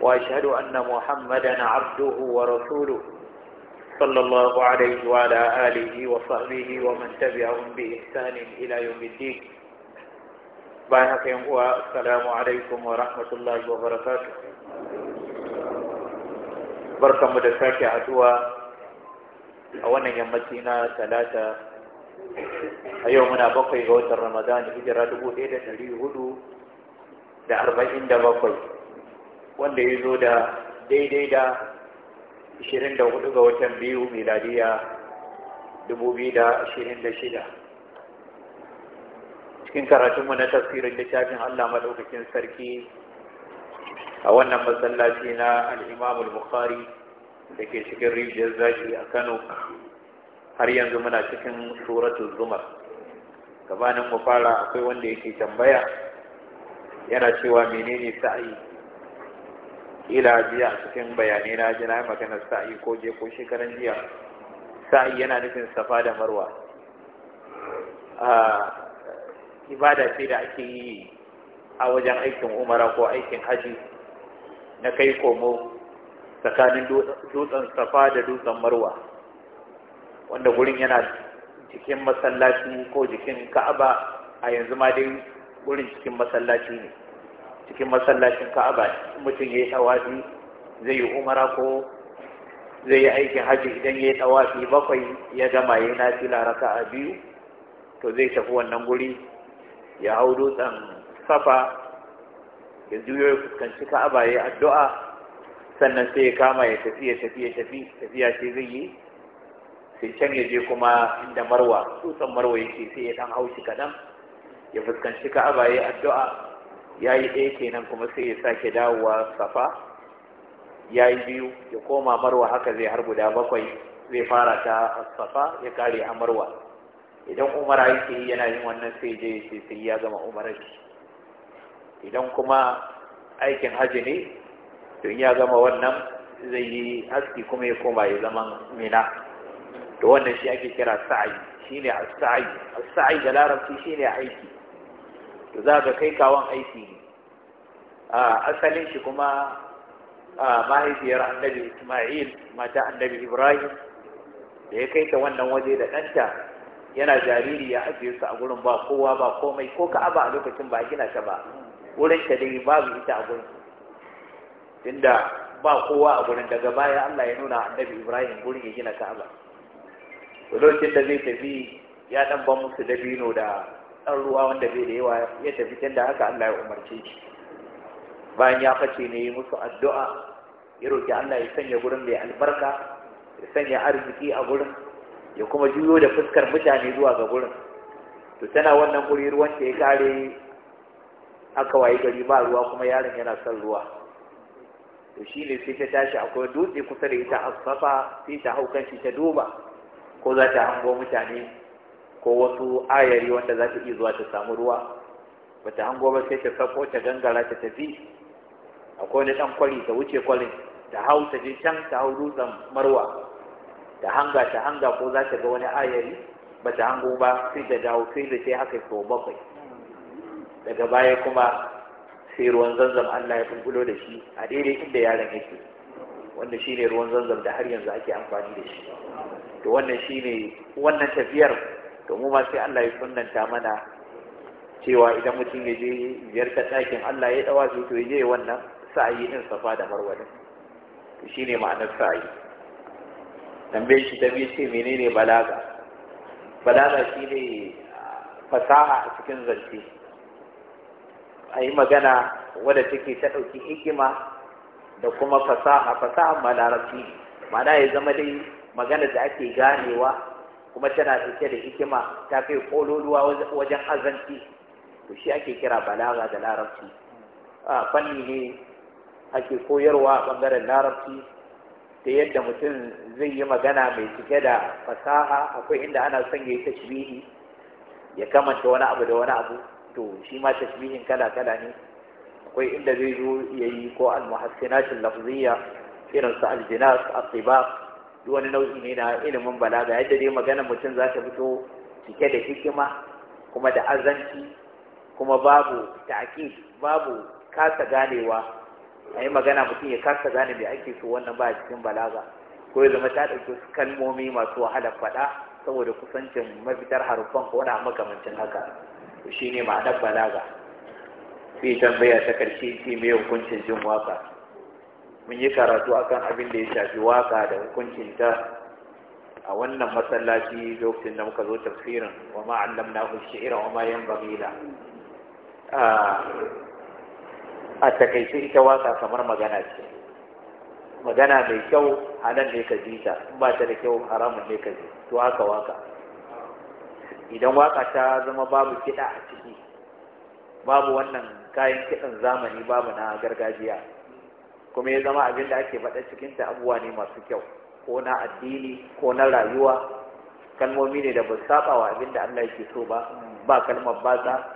وأشهد أن محمدا عبده ورسوله صلى الله عليه وعلى آله وصحبه ومن تبعهم بإحسان إلى يوم الدين باهكم السلام عليكم ورحمة الله وبركاته barkanmu da sake haduwa a wannan yammaci talata a yau muna bakwai ga watan ramadan hijira dubu ɗaya da ɗari hudu da arba'in da bakwai wanda ya zo da daidai da 24 ga watan biyu miladiya 2026 cikin karatunmu na tafsirin littafin Allah maɗaukakin sarki a wannan masallaci na al'imamul bukhari da ke cikin rijiyar zafi a kano har yanzu muna cikin suratun zumar gabanin mu fara akwai wanda yake tambaya yana cewa menene sa'ayi ila jiya a cikin bayanai na ji na yi magana sa'i ko je ko shekaran jiya sa'i yana nufin safa da marwa ibada ce da ake yi a wajen aikin umara ko aikin haji na kai komo tsakanin dutsen safa da dutsen marwa wanda gurin yana cikin masallaci ko jikin ka'aba a yanzu ma dai gurin cikin masallaci ne cikin masallacin ka'aba mutum ya yi tawafi zai yi umara ko zai yi aikin hajji idan ya yi tawafi bakwai ya gama ya na fila raka a biyu to zai tafi wannan guri ya hau dutsen safa ya juyo ya fuskanci ka'aba ya addu'a sannan sai ya kama ya tafi ya tafi ya tafi tafiya sai zai yi sai can ya je kuma inda marwa dutsen marwa yake sai ya dan shi kaɗan ya fuskanci ka'aba ya addu'a ya yi ɗaya kenan kuma sai ya sake dawowa safa ya yi biyu ya koma marwa haka zai har guda bakwai zai fara ta safa ya kare a marwa idan umara yake yi yana yin wannan sai je sai sai ya gama umarar idan kuma aikin hajji ne to ya gama wannan zai yi haski kuma ya koma ya zama mina to wannan shi ake kira sa'ayi shine as-sa'i as-sa'i da larabci shine aiki to za ga kai kawon aiki ne a asalin shi kuma a mahaifiyar annabi ismail mata annabi ibrahim da ya kai ta wannan waje da ɗanta yana jariri ya ajiye su a gurin ba kowa ba komai ko aba a lokacin ba gina ta ba wurin ta dai babu ita a gurin tunda ba kowa a gurin daga baya Allah ya nuna annabi Ibrahim gurin ya gina ka'aba lokacin da zai tafi ya dan ban musu dabino da ɗan ruwa wanda bai da yawa ya tafi can da haka Allah ya umarce shi bayan ya face ne musu addu'a ya roƙi Allah ya sanya gurin da albarka ya sanya arziki a gurin ya kuma juyo da fuskar mutane zuwa ga gurin to tana wannan guri ruwan ta ya kare aka waye gari ba ruwa kuma yaron yana son ruwa to shi ne sai ta tashi akwai dutse kusa da ita safa sai ta hau kanshi ta duba ko za ta hango mutane ko wasu ayari wanda za ta iya zuwa ta samu ruwa bata hango ba sai ta sako ta gangara ta tafi akwai wani ɗan kwari ta wuce kwarin ta hau ta je can ta hau dutsen marwa ta hanga ta hanga ko za ta ga wani ayari ba ta hango ba sai ta dawo sai da sai haka sau bakwai daga baya kuma sai ruwan zanzam Allah ya kunkulo da shi a daidai inda yaron yake wanda shine ruwan zanzam da har yanzu ake amfani da shi to wannan shine wannan tafiyar to mu ma sai Allah ya sunnanta mana cewa idan mutum ya je ziyartar ɗakin Allah ya dawa su to ya je wannan sa'ayi din safa da marwa din to shine ma'anar sa'ayi tambaye shi ta biyu ce menene balaga balaga shi ne ah, fasaha a cikin zance a yi magana wadda take ta ɗauki hikima da kuma fasaha fasaha ma ma'ana ya zama dai magana da ake ganewa kuma tana ɗauke da hikima ta kai kololuwa wajen azanci to shi ake kira balaga da larabci a fanni ne ake koyarwa a ɓangaren larabci ta yadda mutum zai yi magana mai cike da fasaha akwai inda ana son ya yi tashbihi ya kamanta wani abu da wani abu to shi ma tashbihin kala kala ne akwai inda zai zo ya yi ko al-muhassinatul lafziyya irin su al-jinas al-tibaq duk wani nau'i ne na ilimin balaga yadda dai magana mutum za ta fito cike da hikima kuma da azanci kuma babu ta'kid babu kasa ganewa ayi magana mutum ya kasa gane mai ake so wannan ba a cikin balaga ko ya zama ta wasu kalmomi masu wahala faɗa saboda kusancin mafitar haruffan, ko wani makamancin haka shi ne ma'anar balaga sai tambaya ta ƙarshe ce me hukuncin jin waƙa. mun yi karatu akan abin da ya shafi waka da hukuncinta a wannan masallaci lokacin da muka zo tafsirin wa ma allamnahu shi'ra wa ma yanbaghi la a takaice ita waka kamar magana ce magana mai kyau halal ne ka ji ta in ba ta da kyau haramun ne ka ji to haka waka idan waka ta zama babu kiɗa a ciki babu wannan kayan kiɗan zamani babu na gargajiya kuma ya zama abin da ake faɗa ta abubuwa ne masu kyau ko na addini ko na rayuwa kalmomi ne da ba su saba wa abin da Allah yake so ba ba kalmar baza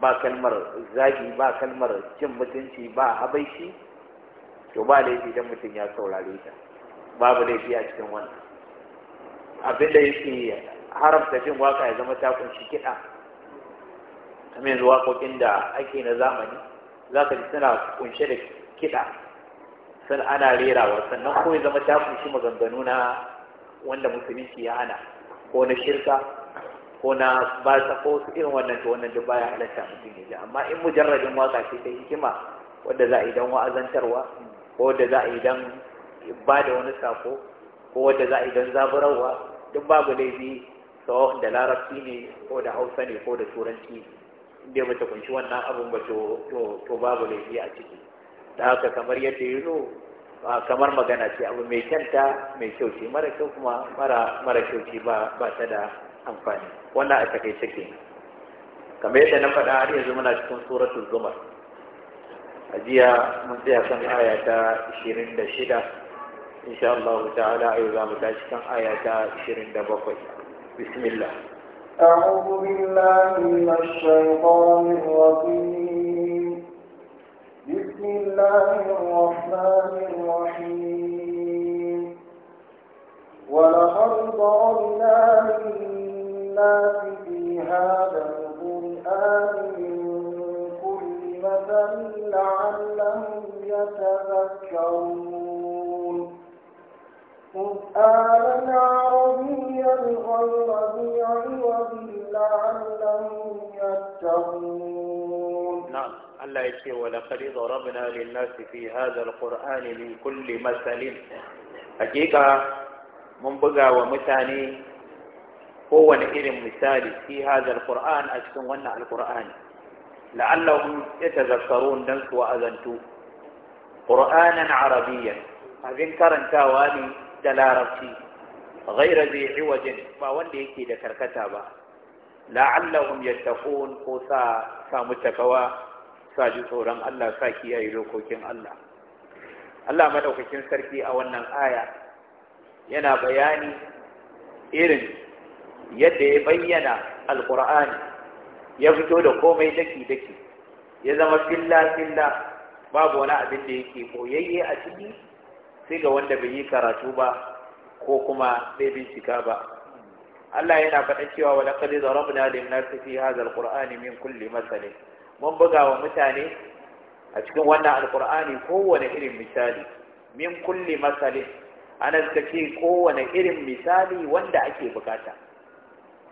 ba kalmar zagi ba kalmar cin mutunci ba habaishi to ba laifi idan mutum ya saurare ta babu laifi a cikin wannan abin da yake haramta jin waka ya zama ta kunshi kiɗa kamar yanzu waƙoƙin da ake na zamani za ka ji suna kunshe da kiɗa san ana rerawa sannan ko ya zama ta kunshi maganganu na wanda musulmi ya hana ko na shirka ko na ba ta ko su irin wannan to wannan duk baya halatta mutum ne amma in mujarradin waka ce ta hikima wanda za a yi don wa'azantarwa ko wanda za a yi don ba da wani sako ko wanda za a yi don zaburarwa duk babu laifi sawa'un da larabci ne ko da hausa ne ko da turanci inda ba ta kunshi wannan abun ba to babu laifi a ciki da haka kamar yadda yi zo kamar magana ce abu mai kyanta mai kyau mara kyau kuma mara kyau ce ba ta da amfani wannan a takaice ke kamar yadda na faɗa har yanzu muna cikin suratul zumar a jiya mun tsaya kan aya ta 26 insha Allah ta'ala ayo za mu tashi kan aya ta 27 bismillah أعوذ بالله من الشيطان الرجيم الله الرحمن الرحيم ولقد ضربنا للناس في هذا القرآن من كل مثل لعلهم يتذكرون قرآنا عربيا غير ذي عوض لعلهم يتقون نعم Allah ya ce wa laqad darabna lin-nasi fi hadha al min kulli masalin hakika mun buga wa mutane kowane irin misali fi hadha al a cikin wannan al-qur'ani la'allahum yatazakkarun dan su azantu. qur'anan arabiyyan abin karantawa ne da larabci ghayra zai wajen ba wanda yake da karkata ba la'allahum yattaqun ko sa samu takawa sa ji tsoron Allah sa kiyaye dokokin Allah Allah madaukakin sarki a wannan aya yana bayani irin yadda ya bayyana Alƙur'ani, ya fito da komai daki daki ya zama filla filla babu wani abin da yake koyayye a ciki sai ga wanda bai yi karatu ba ko kuma bai bincika ba Allah yana faɗa cewa wa laqad darabna lin-nasi fi hadha al-qur'ani min kulli masalin mun buga wa mutane a cikin wannan alkur'ani kowane irin misali min kulli masalin ana suka ce kowane irin misali wanda ake bukata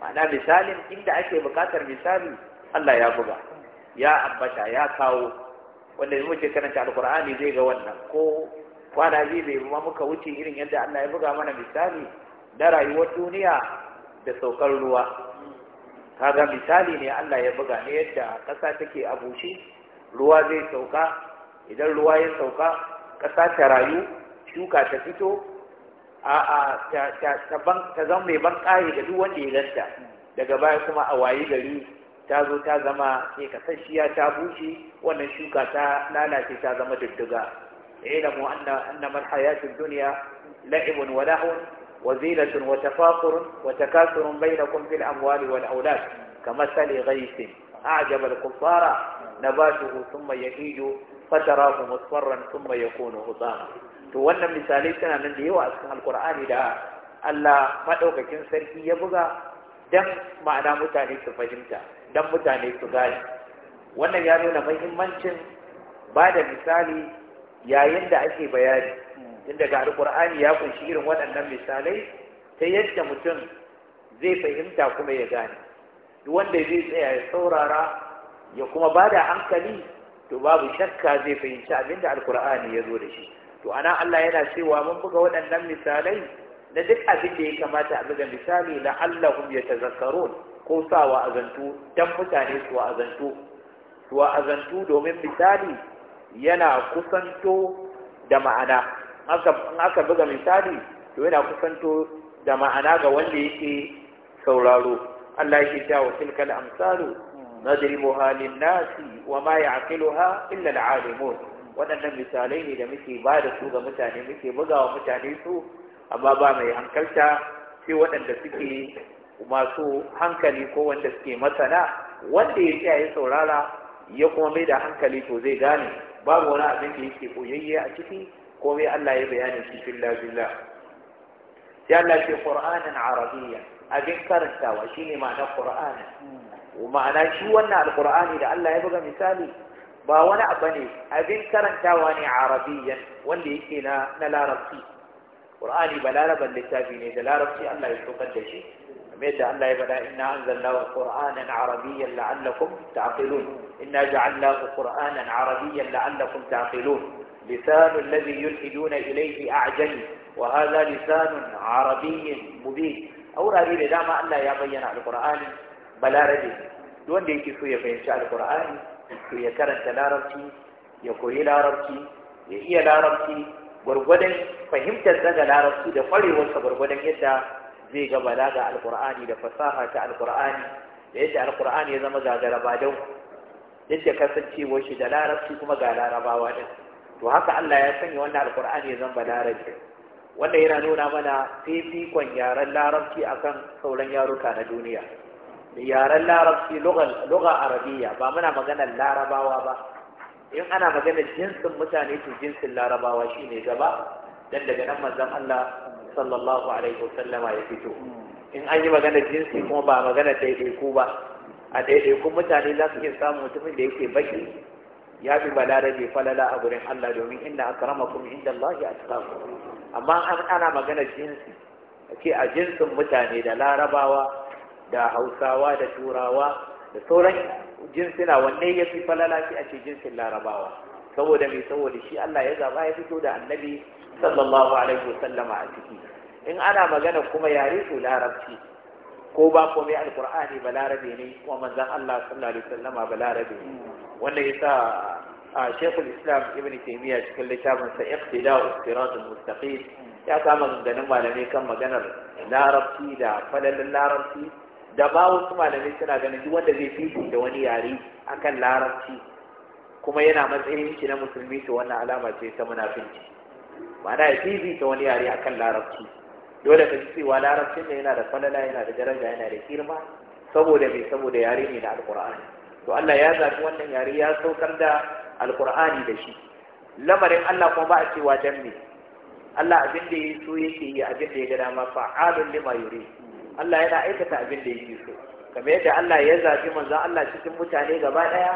ma'ana misalin inda ake bukatar misali Allah ya buga ya ambata ya kawo wanda ce muke karanta alkur'ani zai ga wannan ko kwana biyu bai ma muka wuce irin yadda Allah ya buga mana misali na rayuwar duniya da saukar ruwa kaga misali ne Allah ya buga ne yadda ƙasa take a bushe ruwa zai sauka idan ruwa ya sauka ƙasa ta rayu shuka ta fito a a ta zama mai ban ƙari da duk wanda ya ganta daga baya kuma a wayi gari ta zo ta zama sai kasashiya ta bushe wannan shuka ta lalace ta zama diddiga ilamu anna anna marhayatud dunya la'ibun wa lahun وزيلة وتفاخر وتكاثر بينكم في الأموال والأولاد كمثل غيث أعجب الكفار نباته ثم يهيج فتراه مصفرا ثم يكون هضاما to wannan misalai suna nan da yawa a cikin alkur'ani da Allah maɗaukakin sarki ya buga don ma'ana mutane su fahimta dan mutane su gane wannan ya nuna muhimmancin ba da misali yayin da ake bayani tunda daga alƙur'ani ya kunshi irin waɗannan misalai ta yadda mutum zai fahimta kuma ya gane duk wanda zai tsaya ya saurara ya kuma bada hankali to babu shakka zai fahimci abinda alƙur'ani ya zo da shi to ana Allah yana cewa mun buga waɗannan misalai na duk abin da ya kamata a buga misali na la ya tazakaro ko sa wa azantu dan mutane su azantu su wa'azantu domin misali yana kusanto da ma'ana in aka buga misali to yana kusanto da ma'ana ga wanda yake sauraro Allah yake cewa al amsalu nadribuha lin-nasi wa ma ya'qiluha illa al-'alimun waɗannan misalai ne da muke ba da su ga mutane muke wa mutane su amma ba mai hankalta sai waɗanda suke masu hankali ko wanda suke masana wanda ya tsaya ya saurara ya kuma mai da hankali to zai gane babu wani abin da yake koyayye a ciki قومي الله يبيان في في الله بالله يلا في قرآن عربية أجن كرتا وشيني معنى قرآن ومعنى شو أن القرآن إذا الله يبقى مثالي با وانا أبني أجن كرتا واني عربيا واني إكينا نلا ربسي قرآني بلا ربا لتابيني إذا لا ربسي الله يبقى الدشي ميت ألا يبقى إنا أنزلنا قرآنا عربيا لعلكم تعقلون إنا جعلناه قرآنا عربيا لعلكم تعقلون لسان الذي يلحدون إليه أعجل وهذا لسان عربي مبين أورا إذا دام أن لا يبين على القرآن بلا ردي دون ديك سوية في إنشاء القرآن سوية كرنت لا ربتي يقول لا ربتي يهي لا ربتي بربدن فهمت الزجا لا ربتي دفلي وصف بربدن يتا زي جبلاغا القرآن لفصاحة القرآن يتا القرآن يزمزا غربادو يتا كسنتي وشي دلا ربتي كما غالا رباوانا to haka Allah ya sanya wannan alkur'ani ya zan balarabe wanda yana nuna mana fifikon yaren larabci akan sauran yaruka na duniya yaren larabci lugar arabiya ba muna maganar larabawa ba in ana maganar jinsin mutane to jinsin larabawa shine gaba dan daga nan manzan Allah sallallahu alaihi wasallama ya fito in an yi maganar jinsi kuma ba maganar daidaiku ba a daidaiku mutane za su iya samun mutumin da yake baki ya fi balarabe falala a gurin Allah domin inna akramakum inda Allah ya atsaku amma ana magana jinsi ce a jinsin mutane da larabawa da hausawa da turawa da sauran jinsina wanne ya fi falala shi a ce jinsin larabawa saboda mai saboda shi Allah ya zaba ya fito da annabi sallallahu alaihi wasallama a ciki in ana magana kuma yare to larabci ko ba komai alkur'ani balarabe ne kuma manzon Allah sallallahu alaihi wasallama balarabe ne wanda ya sa a shekul islam ibn taimiyya cikin littafinsa iqtida ustirat mustaqim ya kama ganin malamai kan maganar larabci da falalin larabci da ba wasu malamai suna ganin duk wanda zai fifi da wani yare akan larabci kuma yana matsayin shi na musulmi to wannan alama ce ta munafinci ma'ana ya fifi da wani yare akan larabci dole ka ji cewa larabcin da yana da falala yana da daraja yana da girma saboda mai saboda yare ne da alkur'ani to Allah ya zafi wannan yare ya saukar da alkur'ani da shi lamarin Allah kuma ba a cewa wa me Allah abin da ya so yake yi abin da ya gada ma fa'alun lima yuri Allah yana aikata abin da yake so kamar yadda Allah ya zaɓi manzon Allah cikin mutane gaba ɗaya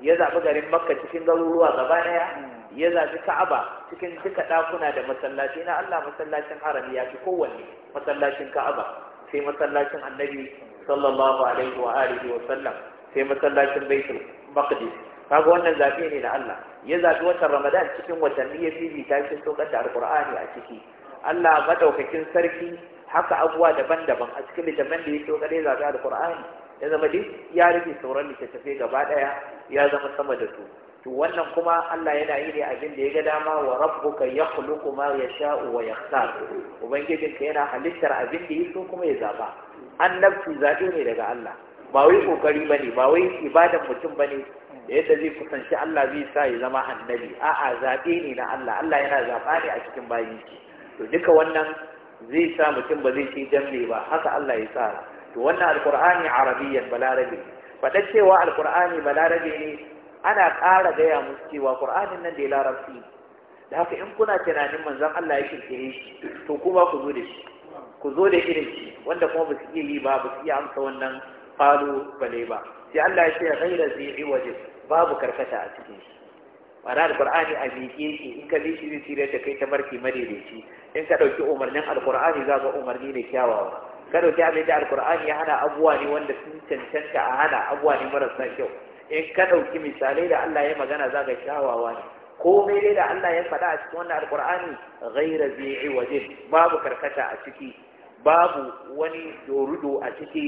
ya zafi garin Makka cikin garuruwa gaba ɗaya ya zafi Ka'aba cikin duka ɗakuna da masallaci na Allah masallacin harami ya fi kowanne masallacin Ka'aba sai masallacin Annabi sallallahu alaihi wa alihi wa sallam sai masallacin baitul maqdis kaga wannan zabe ne na Allah ya zabi watan Ramadan cikin watanni ya fifita shi saukar da Alqur'ani a ciki Allah madaukakin sarki haka abuwa daban-daban a cikin littafin da ya saukar ya zabi Alqur'ani ya zama dai ya rike sauran littattafai gaba daya ya zama sama da su to wannan kuma Allah yana yi ne abin da ya ga dama wa rabbuka yakhluqu ma yasha'u wa yakhtar ubangijinka yana halittar abin da yake kuma ya zaba annabci zabe ne daga Allah ba wai kokari bane ba wai ibadan mutum bane da yadda zai kusanci Allah zai sa ya zama annabi a'a zaɓe ne na Allah Allah yana zaba ne a cikin bayi to duka wannan zai sa mutum ba zai ce dambe ba haka Allah ya tsara to wannan alqur'ani arabiyyan balarabi fadar cewa alqur'ani balarabi ne ana ƙara gaya musu cewa qur'anin nan da ya larabci da haka in kuna tunanin manzon Allah ya kirkire shi to kuma ku zo da shi ku zo da irin shi wanda kuma ba su iya yi ba ba su iya amsa wannan qalu bale ba sai Allah ya ce ghaira zai waje babu karkata a cikin shi ma'ana alqur'ani a miƙe shi in ka bi shi zai tsira da kai ta marki madaidaici in ka ɗauki umarnin alqur'ani za ga umarni ne kyawawa ka ɗauki abin da alqur'ani ya hana abuwa ne wanda sun cancanta a hana abuwa ne marasa kyau in ka ɗauki misalai da Allah ya magana za ga kyawawa ne komai dai da Allah ya faɗa a cikin wannan alqur'ani ghaira zai waje babu karkata a ciki babu wani dorudo a ciki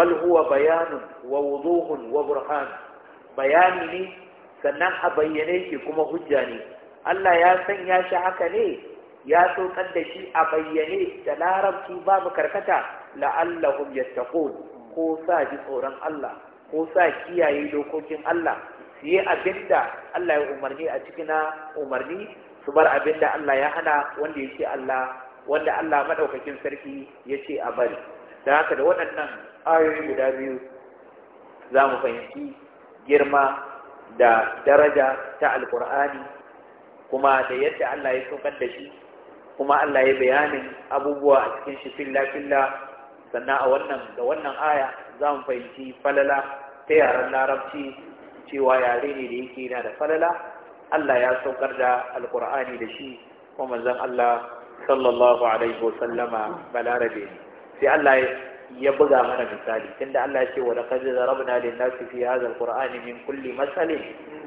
bal huwa bayanun wa wuduhun wa burhan bayani ne sannan a bayyane shi kuma hujja ne Allah ya sanya shi haka ne ya saukar da shi a bayyane da larabci babu karkata la'allahum yattaqun ko sa ji tsoron Allah ko sa kiyaye dokokin Allah su yi abinda Allah ya umarni a cikin umarni su bar abinda Allah ya hana wanda ce Allah wanda Allah madaukakin sarki ya ce a bari da haka da waɗannan ayoyi guda biyu za mu fahimci girma da daraja ta alkur'ani kuma da yadda Allah ya saukar da shi kuma Allah ya bayanin abubuwa a cikin shi filla-filla sannan a wannan da wannan aya za mu fahimci falala ta yaren larabci cewa yare ne da yake yana da falala Allah ya saukar da alkur'ani da shi kuma zan Allah sallallahu alaihi wasallama balarabe sai Allah ya ya buga mana misali tunda Allah ya ce wa laqad zarabna lin nasi fi hadha alqur'ani min kulli masalin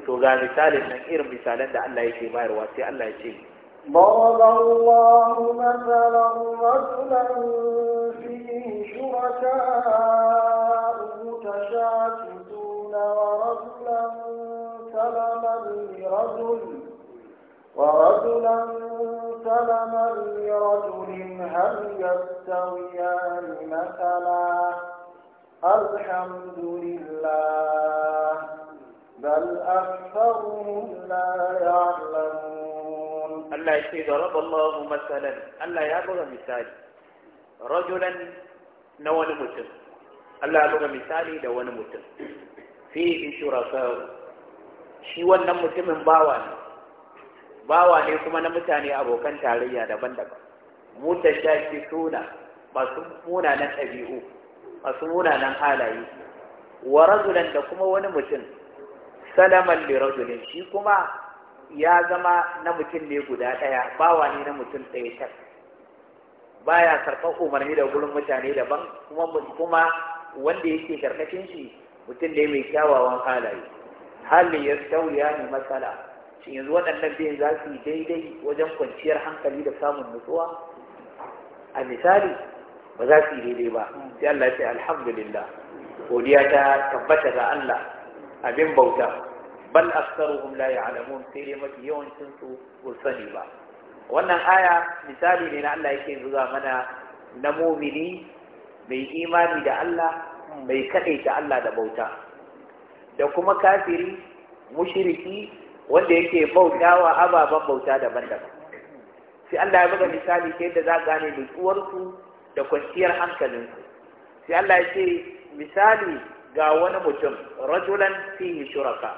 to ga misalin nan irin misalan da Allah yake bayarwa sai Allah ya ce ضرب الله مثلا رجلا فيه شركاء متشاكسون ورجلا سلما لرجل ورجلا سلما لرجل هل يستويان مثلا الحمد لله بل أكثرهم لا يعلمون الله يشهد ضرب الله مثلا الله يعبد مثال رجلا نوان متن الله يعبد مثالي دوان متن فيه شركاء شي نمتن من bawa bawa ne kuma na mutane abokan tarayya daban-daban mutashaki suna masu munanan ɗabi'u masu munanan halaye wa rajulan da kuma wani mutum salaman li rajulin shi kuma ya zama na mutum ne guda ɗaya bawa ne na mutum ɗaya tak baya karɓar umarni da gurin mutane daban kuma kuma wanda yake karkashin shi mutum ne mai kyawawan halaye hal yastawiya ni masala yanzu waɗannan biyan za su yi daidai wajen kwanciyar hankali da samun nutsuwa a misali ba za su yi daidai ba sai Allah ce alhamdulillah godiya ta tabbata ga Allah abin bauta bal aktsaruhum la ya'lamun sai dai mafi yawancin su sani ba wannan aya misali ne na Allah yake zuwa mana na mumini mai imani da Allah mai kadaita Allah da bauta da kuma kafiri mushriki wanda yake bauta wa ababen bauta daban-daban sai Allah ya buga misali ke yadda za gane nutsuwarku da kwanciyar hankalinku sai Allah ya ce misali ga wani mutum rajulan fihi shuraka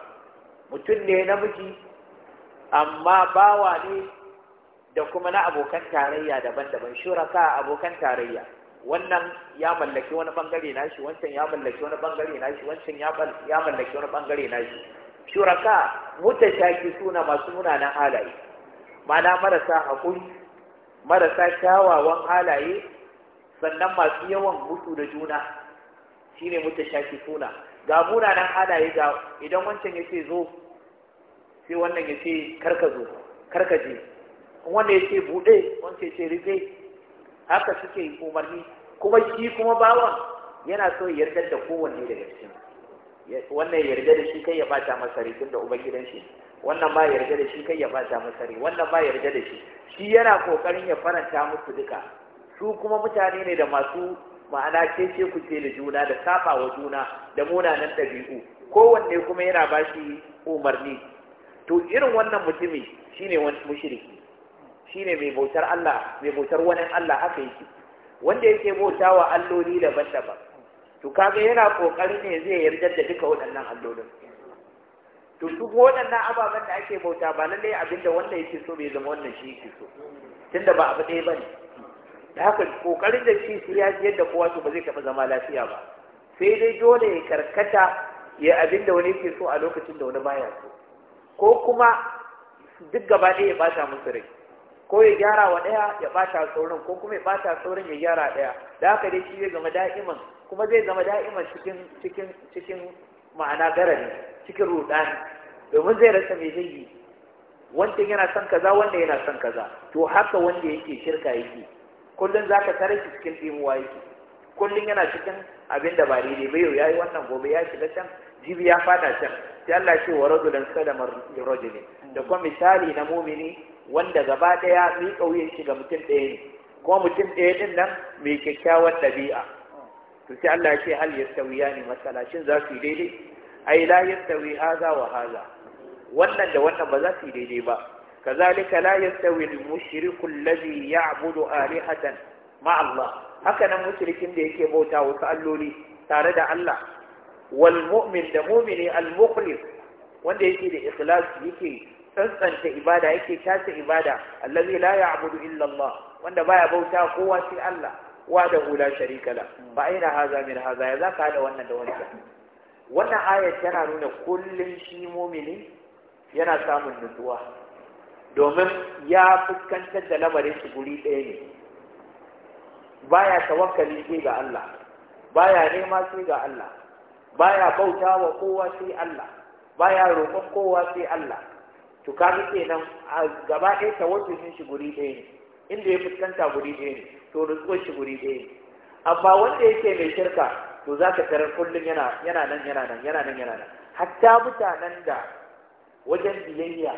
mutum ne namiji amma bawa ne da kuma na abokan tarayya daban-daban shuraka abokan tarayya wannan ya mallaki wani bangare nashi wancan ya mallaki wani bangare nashi wancan ya mallaki wani bangare nashi shuraka mutashaki suna masu munanan halaye mana marasa haƙuri marasa kyawawan halaye sannan masu yawan mutu da juna shine mutashaki suna ga munanan halaye ga idan wancan ya ce zo sai wannan ya ce karka zo karka je wanda ya ce buɗe wancan ya ce rufe haka suke umarni kuma shi kuma bawan yana so ya yarda da kowanne daga cikin wannan ya yarda da shi kai ya bata masa rai tunda gidan shi wannan ba yarda da shi kai ya bata masa rai wannan ba yarda da shi shi yana kokarin ya faranta musu duka su kuma mutane ne da masu ma'ana kece ku ce da juna da saba wa juna da munanan ɗabi'u kowanne kuma yana ba shi umarni to irin wannan mutumi shine wani mushriki shine mai bautar Allah mai bautar wani Allah haka yake wanda yake bautawa alloli daban-daban to kaga yana kokarin ne zai yarda da duka waɗannan allolin to duk waɗannan ababen da ake bauta ba lallai da wanda yake so bai zama wannan shi yake so tunda ba abu ɗaya bane da haka kokarin da shi su ya yadda kowa to ba zai taɓa zama lafiya ba sai dai dole ya karkata ya abinda wani yake so a lokacin da wani baya so ko kuma duk gaba ɗaya ya ɓata musu rai ko ya gyara wa ɗaya ya bata sauran ko kuma ya bata sauran ya gyara ɗaya da haka dai shi zai zama da'iman kuma zai zama da'ima cikin cikin cikin ma'ana garari cikin rudani domin zai rasa mai zai yi wancan yana son kaza wanda yana son kaza to haka wanda yake shirka yake kullum za tare shi cikin ɗimuwa yake kullum yana cikin abin da ba daidai ba yau ya wannan gobe ya shiga can jibi ya fada can sai Allah ce wa rajulan salama rajulin da kuma misali na mumini wanda gaba daya mai kauye shi ga mutum ɗaya ne kuma mutum ɗaya din nan mai kyakkyawan ɗabi'a to sai Allah ya ce hal yastawiyani masala shin za su yi daidai ai la yastawi haza wa haza wannan da wannan ba za su yi daidai ba kazalika la yastawi al-mushriku alladhi ya'budu alihatan ma Allah haka nan mushrikin da yake bauta wasu alloli tare da Allah wal mu'min da mu'mini al-mukhlis wanda yake da ikhlas yake tsantsanta ibada yake tace ibada zai la ya'budu illa Allah wanda baya bauta kowa sai Allah wahdahu hula sharika la ba ina haza min haza ya zaka hada wannan da wancan wannan ayat tana nuna kullun shi mumini yana samun nutsuwa domin ya fuskantar da lamarin shi guri ɗaya ne baya tawakkali sai ga Allah baya nema sai ga Allah baya bauta wa kowa sai Allah baya roƙon kowa sai Allah to kaga kenan gaba ɗaya tawakkalin shi guri ɗaya ne inda ya fuskanta guri ɗaya ne to nutsuwar shi guri ɗaya amma wanda yake mai shirka to za ka tarar kullum yana yana nan yana nan yana nan yana nan hatta mutanen da wajen biyayya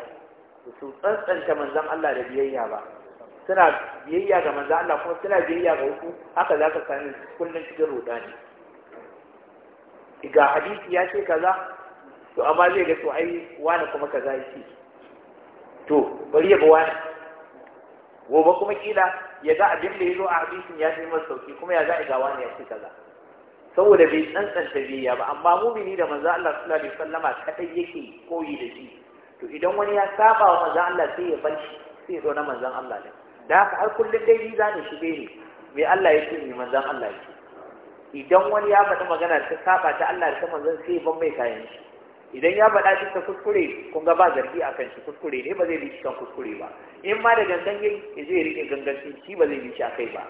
su tsantsanta manzan Allah da biyayya ba suna biyayya ga manzan Allah kuma suna biyayya ga wasu haka za ka sami kullum cikin rudani ga hadisi ya ce kaza to amma zai ga to ai wani kuma kaza ya ce to bari ya bi wani gobe kuma kila ya ga abin da ya zo a hadisin ya fi masa sauki kuma ya a gawa ne ya ce kaza saboda bai tsantsanta biyayya ba amma mumini da manzo Allah sallallahu alaihi wasallama kadai yake koyi da shi to idan wani ya saba wa manzo Allah sai ya bar shi sai ya zo na manzon Allah ne da haka har kullum dai ni zani shi bai me Allah ya ce ni manzon Allah ya ce idan wani ya faɗi magana ta saba ta Allah ta manzon sai ya bar mai kayan shi idan ya faɗa shi ta kuskure kun ga ba zargi a kan shi kuskure ne ba zai bi kan kuskure ba in ma da gangan yayi ya zai rike gangan shi ba zai bi a kai ba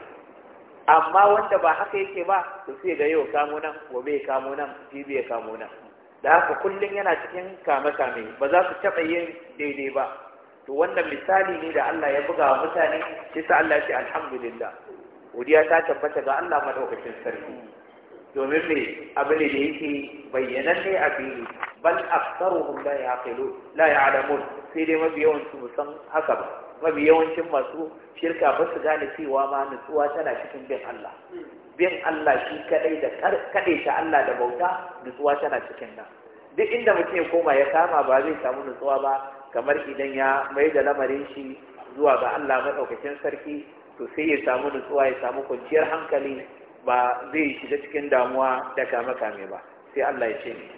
amma wanda ba haka yake ba to sai ga yau kamo nan gobe ya kamo nan jibi ya kamo nan da haka kullum yana cikin kame kame ba za su taɓa yin daidai ba to wannan misali ne da Allah ya buga wa mutane shi sa Allah ya ce alhamdulillah godiya ta tabbata ga Allah madaukakin sarki domin me abin da yake bayyananne a fili bal aktaruhum la yaqilu la ya'lamun sai dai mafi yawancin san haka ba mafi yawancin masu shirka ba su gane cewa ma nutsuwa tana cikin bin Allah bin Allah shi kadai da kadai ta Allah da bauta nutsuwa tana cikin nan duk inda mutum ya koma ya kama ba zai samu nutsuwa ba kamar idan ya mai da lamarin shi zuwa ga Allah madaukakin sarki to sai ya samu nutsuwa ya samu kwanciyar hankali ba zai shiga cikin damuwa da kame kame ba sai Allah ya ce ni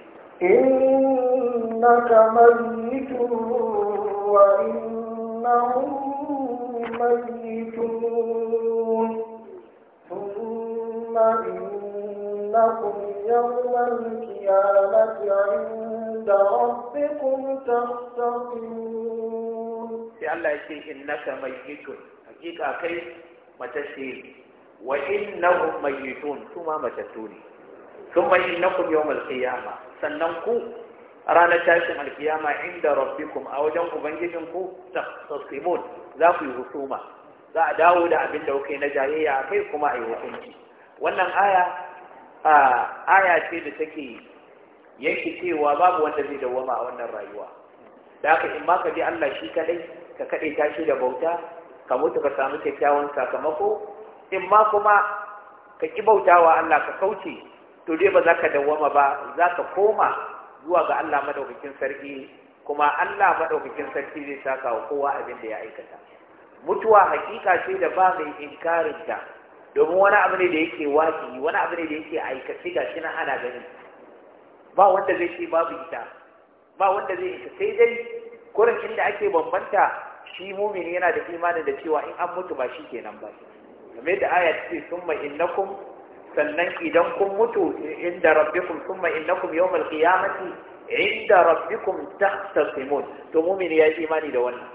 innaka mayyitun wa innahum mayyitun thumma innakum yawmal qiyamati 'inda rabbikum takhtasun sai Allah ya ce innaka mayyitun hakika kai matashi wa innahum mayitun kuma matattu ne thumma innakum yawmal qiyamah sannan ku ranar tashin alkiyama inda rabbikum a wajen ku ta tasimun za ku yi husuma za a dawo da abin da kuke na jayayya a kai kuma a yi hukunci wannan aya aya ce da take yanke cewa babu wanda zai dawwama a wannan rayuwa da haka in ma ka ji Allah shi kadai ka kade tashi da bauta ka mutu ka samu kyakkyawan sakamako in ma kuma ka ƙi wa Allah ka kauce to dai ba za ka dawwama ba za ka koma zuwa ga Allah madaukakin sarki kuma Allah madaukakin sarki zai saka wa kowa abin da ya aikata mutuwa hakika ce da ba mai inkarin ta domin wani abu ne da yake waki, wani abu ne da yake aikace ga shi nan ana gani ba wanda zai ce babu ita ba wanda zai ita sai dai kurin inda ake bambanta shi mumin yana da imanin da cewa in an mutu ba shi kenan ba shi game da aya ce summa innakum sannan idan kun mutu inda rabbikum summa innakum yawmal qiyamati inda rabbikum tahtasimun to mu'min ya yi imani da wannan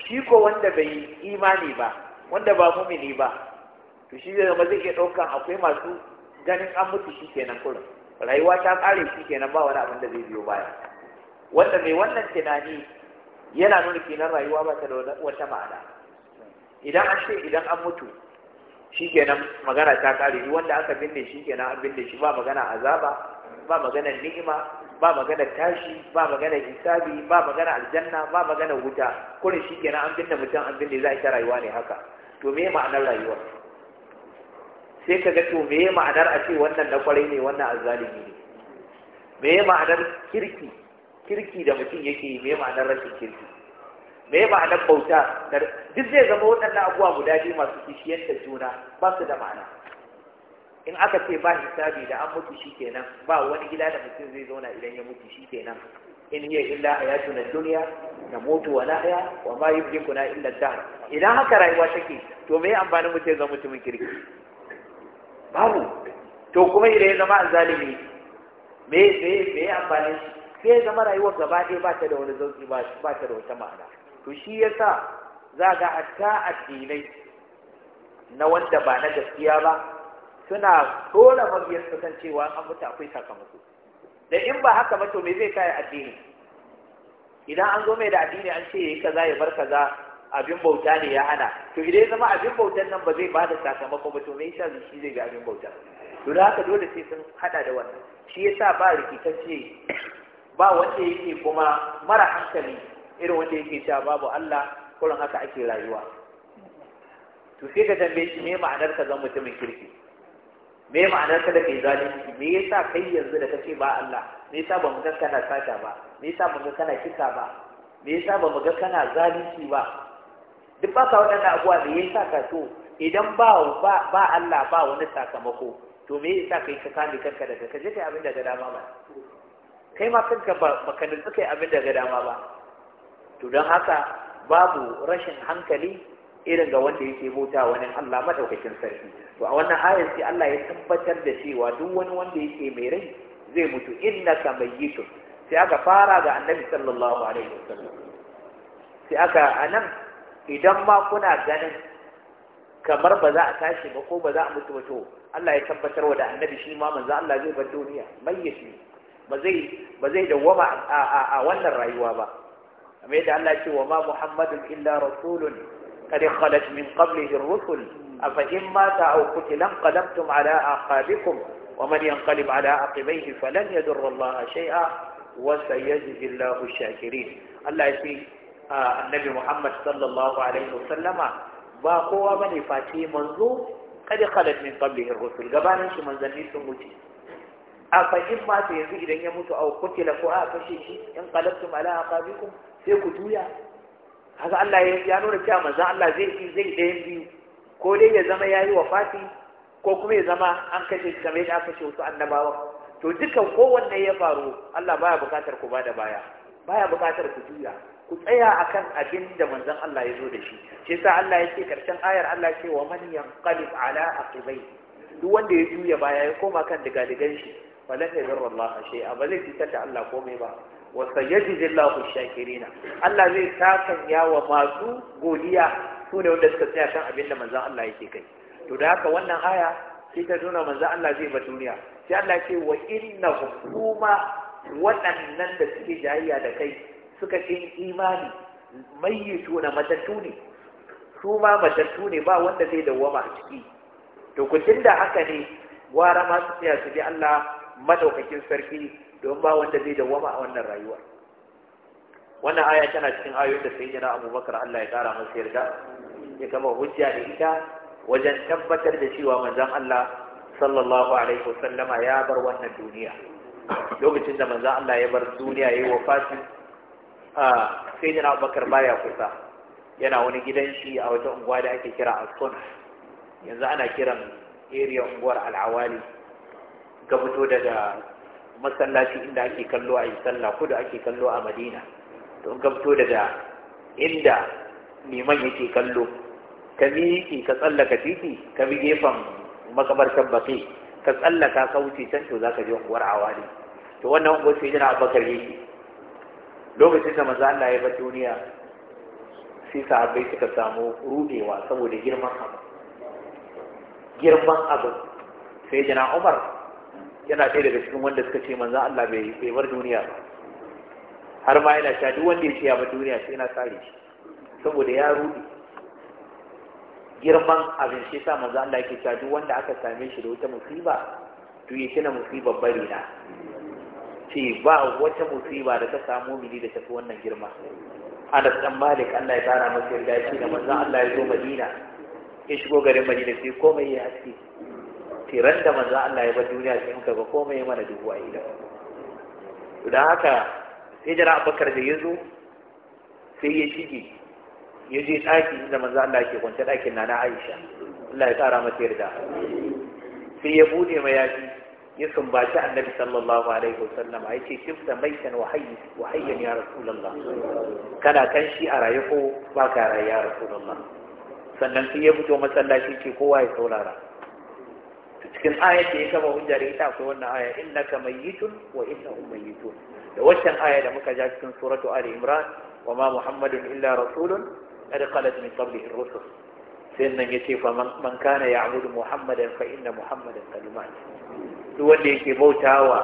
shi ko wanda bai imani ba wanda ba mu'mini ba to shi zai zama zai iya akwai masu ganin an mutu shi kenan kullum rayuwa ta kare shi kenan ba wani abin da zai biyo baya wanda mai wannan tunani yana nuna kenan rayuwa ba ta da wata ma'ana idan an ce idan an mutu shikenan magana ta kare duk wanda aka binne shikenan an binne shi ba magana azaba ba magana ni'ima ba magana tashi ba magana hisabi ba magana aljanna ba magana wuta kurin shikenan an binne mutum an binne za a ta rayuwa ne haka to me ma'anar rayuwa sai ka ga to me ma'anar a ce wannan na kwarai ne wannan azzalimi ne me ma'anar kirki kirki da mutum yake yi me ma'anar rashin kirki me ma'anar bauta duk zai zama waɗannan abuwa guda biyu masu kishiyantar juna ba su da ma'ana in aka ce ba hisabi da an mutu shi kenan ba wani gida da mutum zai zauna idan ya mutu shi kenan in yi illa a ya na duniya na mutu wa nahya wa ma yi na illa da idan haka rayuwa take to me amfanin mutum zama mutumin kirki babu to kuma idan ya zama zalimi me me me amfanin sai zama rayuwar gaba ɗaya ba ta da wani zauki ba ta da wata ma'ana to shi yasa za ga hatta addinai na wanda ba na gaskiya ba suna tona mabiyar su cewa an mutu akwai sakamako da in ba haka ba to me zai kaya addini idan an zo mai da addini an ce yi kaza ya bar kaza abin bauta ne ya hana to idan ya zama abin bautan nan ba zai ba da sakamako ba to me yasa shi zai ga abin bauta to da haka dole sai sun hada da wannan shi yasa ba rikitacce ba wanda yake kuma mara hankali irin wanda yake cewa babu Allah kullum haka ake rayuwa to sai ka tambaye shi me ma'anar ka zan mutumin kirki me ma'anar ka da kai zalunci me yasa kai yanzu da kace ba Allah me yasa ba mu ga kana sata ba me yasa ba mu ga kana kika ba me yasa ba mu ga kana zalunci ba duk ba ka wadanda abuwa me yasa ka so idan ba ba Allah ba wani sakamako to me yasa kai ka kame kanka daga kaje kai abin da ga dama ba kai ma kanka ba ka nutsu kai abin da ga dama ba to don haka babu rashin hankali irin ga wanda yake mota wani Allah madaukakin sarki to a wannan ayar sai Allah ya tabbatar da cewa duk wani wanda yake mai rai zai mutu innaka mayyitun sai aka fara ga annabi sallallahu alaihi wasallam sai aka anan idan ma kuna ganin kamar ba za a tashi ba ko ba za a mutu ba to Allah ya tabbatar wa da annabi shi ma manzo Allah zai bar duniya mayyit ba zai ba zai dawwama a wannan rayuwa ba kamar yadda Allah ce wa ma Muhammadun illa rasulun qad khalat min qablihi ar-rusul afa in mata aw qutila qalabtum ala aqabikum wa man yanqalib ala aqibayhi falan yadurra Allah shay'a wa sayajzi Allahu shakirin Allah ya ce annabi Muhammad sallallahu alaihi wasallama ba kowa bane face manzo qad khalat min qablihi ar-rusul gabanin shi manzanni sun wuce a fahim mata yanzu idan ya mutu a kutila ko a kashe shi in qalabtum ala aqabikum sai ku juya haka Allah ya nuna cewa manzan Allah zai fi zai ɗayan biyu ko dai ya zama ya yi wa wafati ko kuma ya zama an kashe kamar yadda aka kashe wasu annabawa to dukan kowanne ya faru Allah baya bukatar ku bada baya baya bukatar ku juya ku tsaya akan abin da manzon Allah ya zo da shi shi yasa Allah ya ce karshen ayar Allah ya ce wa man yanqalib ala aqibai duk wanda ya juya baya ya koma kan diga digan shi falan yadarra Allah shay'a ba zai fitar da Allah komai ba wa sayyidi Allahu shakirina Allah zai takan yawa masu godiya su ne wanda suka tsaya kan abin da manzo Allah yake kai to da haka wannan aya sai ta nuna manzon Allah zai ba duniya sai Allah ce wa inna hukuma waɗannan da suke jayayya da kai suka ce imani mai na matattu ne su ma matattu ne ba wanda zai dawwama a ciki to ku da haka ne gwara masu su tsaya su bi Allah madaukakin sarki don ba wanda zai da wama a wannan rayuwa wannan aya tana cikin ayoyin da sai sayyidina abubakar Allah ya kara masa yarda ya kama hujja da ita wajen tabbatar da cewa manzon Allah sallallahu alaihi wasallama ya bar wannan duniya lokacin da manzon Allah ya bar duniya yayi wafati a sayyidina abubakar baya kusa yana wani gidan shi a wata unguwa da ake kira Aston yanzu ana kiran area unguwar Al-Awali ga fito daga masallaci inda ake kallo a yi sallah ko da ake kallo a madina to in ka daga inda neman yake kallo ka miƙe ka tsallaka titi ka bi gefen makabartar baƙi ka tsallaka ka wuce can to zaka je unguwar awali to wannan unguwar sai jira abubakar yake lokacin da maza Allah ya bar duniya sai sahabbai suka samu rudewa saboda girman abu girman abu sai jira umar yana ɗaya daga cikin wanda suka ce manzan Allah bai bar duniya ba har ma yana sha duk wanda ya ce ya bar duniya sai yana kare shi saboda ya rudi girman abin shi sa manzan Allah yake cewa duk wanda aka same shi da wata musiba to ya kina musibar bari na ce ba wata musiba da ta samu mini da tafi wannan girma Anas dan Malik Allah ya tsara masa yarda shi da manzan Allah ya zo Madina ya shigo garin Madina sai komai ya haske ce ran da manzo Allah ya bar duniya shi muka ga komai ya mana dubu a idan don haka sai jira abakar da ya zo sai ya shige ya je daki da manzo Allah ke kwance dakin nana Aisha Allah ya tsara mata yarda sai ya bude mai yaji ya sumbaci annabi sallallahu alaihi wasallam ai ce kifta da mai hayy wahayi wahayi ya rasulullah kana kan shi a rayuwa ko ba ka rayuwa rasulullah sannan sai ya fito masallaci ce kowa ya saurara cikin ayat da ya kama hujja da ita akwai wannan aya innaka mayyitun wa innahum mayyitun da waccan aya da muka ja cikin suratu ali imran wa ma muhammadun illa rasulun qad khalat min qablihi ar-rusul sai nan yace fa man kana ya'budu muhammadan fa inna muhammadan kalimat duk wanda yake bautawa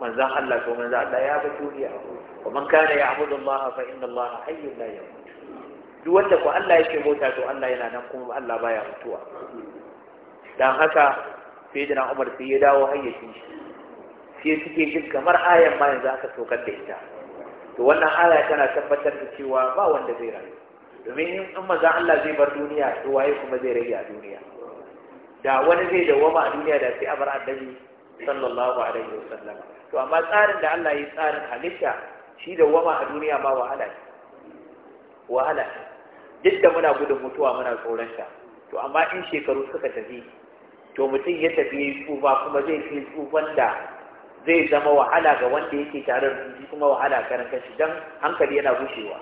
manzan Allah ko manzan Allah ya bar duniya wa man kana ya'budu Allah fa inna Allah hayyun la yamut duk wanda ko Allah yake bauta to Allah yana nan kuma Allah baya mutuwa dan haka sai da umar sai ya dawo hayyacin shi sai suke jin kamar ayan ma yanzu aka saukar da ita to wannan aya tana tabbatar da cewa ba wanda zai rayu domin in maza Allah zai bar duniya to waye kuma zai rage a duniya da wani zai wama a duniya da sai a bar annabi sallallahu alaihi wasallam to amma tsarin da Allah ya tsarin halitta shi wama a duniya ma wahala wahala duk da muna gudun mutuwa muna tsoron ta to amma in shekaru suka tafi to mutum ya tafi ya tsufa kuma zai fi tsufan da zai zama wahala ga wanda yake tare da shi kuma wahala karan kashi dan hankali yana gushewa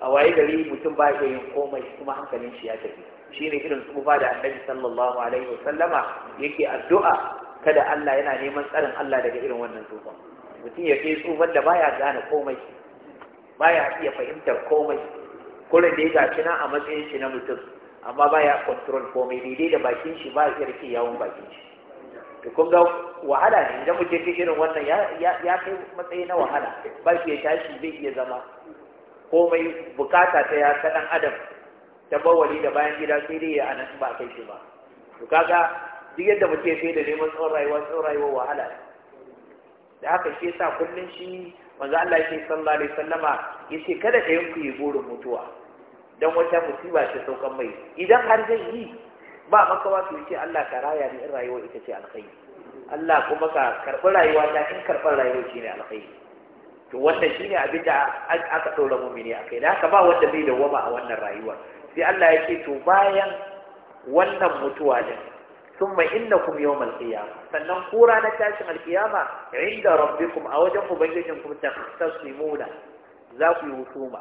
a waye gari mutum ba ya yin komai kuma hankalin shi ya tafi Shi ne irin tsufa da annabi sallallahu alaihi wasallama yake addu'a kada Allah yana neman tsarin Allah daga irin wannan tsufa mutum ya fi tsufan da baya gane komai baya iya fahimtar komai kullum da ya gashi na a matsayin shi na mutum amma ba baya control mai daidai da bakin shi ba ya rike yawon bakin shi to kun ga wahala ne idan mutum ke irin wannan ya kai matsayi na wahala ba shi ya tashi zai iya zama komai bukata ta ya ta adam ta bawali da bayan gida sai dai ya anan ba kai shi ba to kaga duk yadda muke sai da neman tsawon rayuwa tsawon rayuwa wahala ne da haka shi yasa kullum shi manzo Allah ce sallallahu alaihi ya ce kada ka yanku yi burin mutuwa dan wata musiba ce saukan mai idan har zai yi ba makawa to yace Allah ka raya ni in rayuwa ita ce alkhairi Allah kuma ka karɓi rayuwa ta in karɓar rayuwa shi ne alkhairi to wannan shine abin da aka ɗora mumini a kai da haka ba wanda bai dawwama a wannan rayuwa sai Allah ya ce to bayan wannan mutuwa din ثم إنكم inda القيامة فنن قرى نتاشم القيامة عند ربكم أوجه za ku yi يوثومة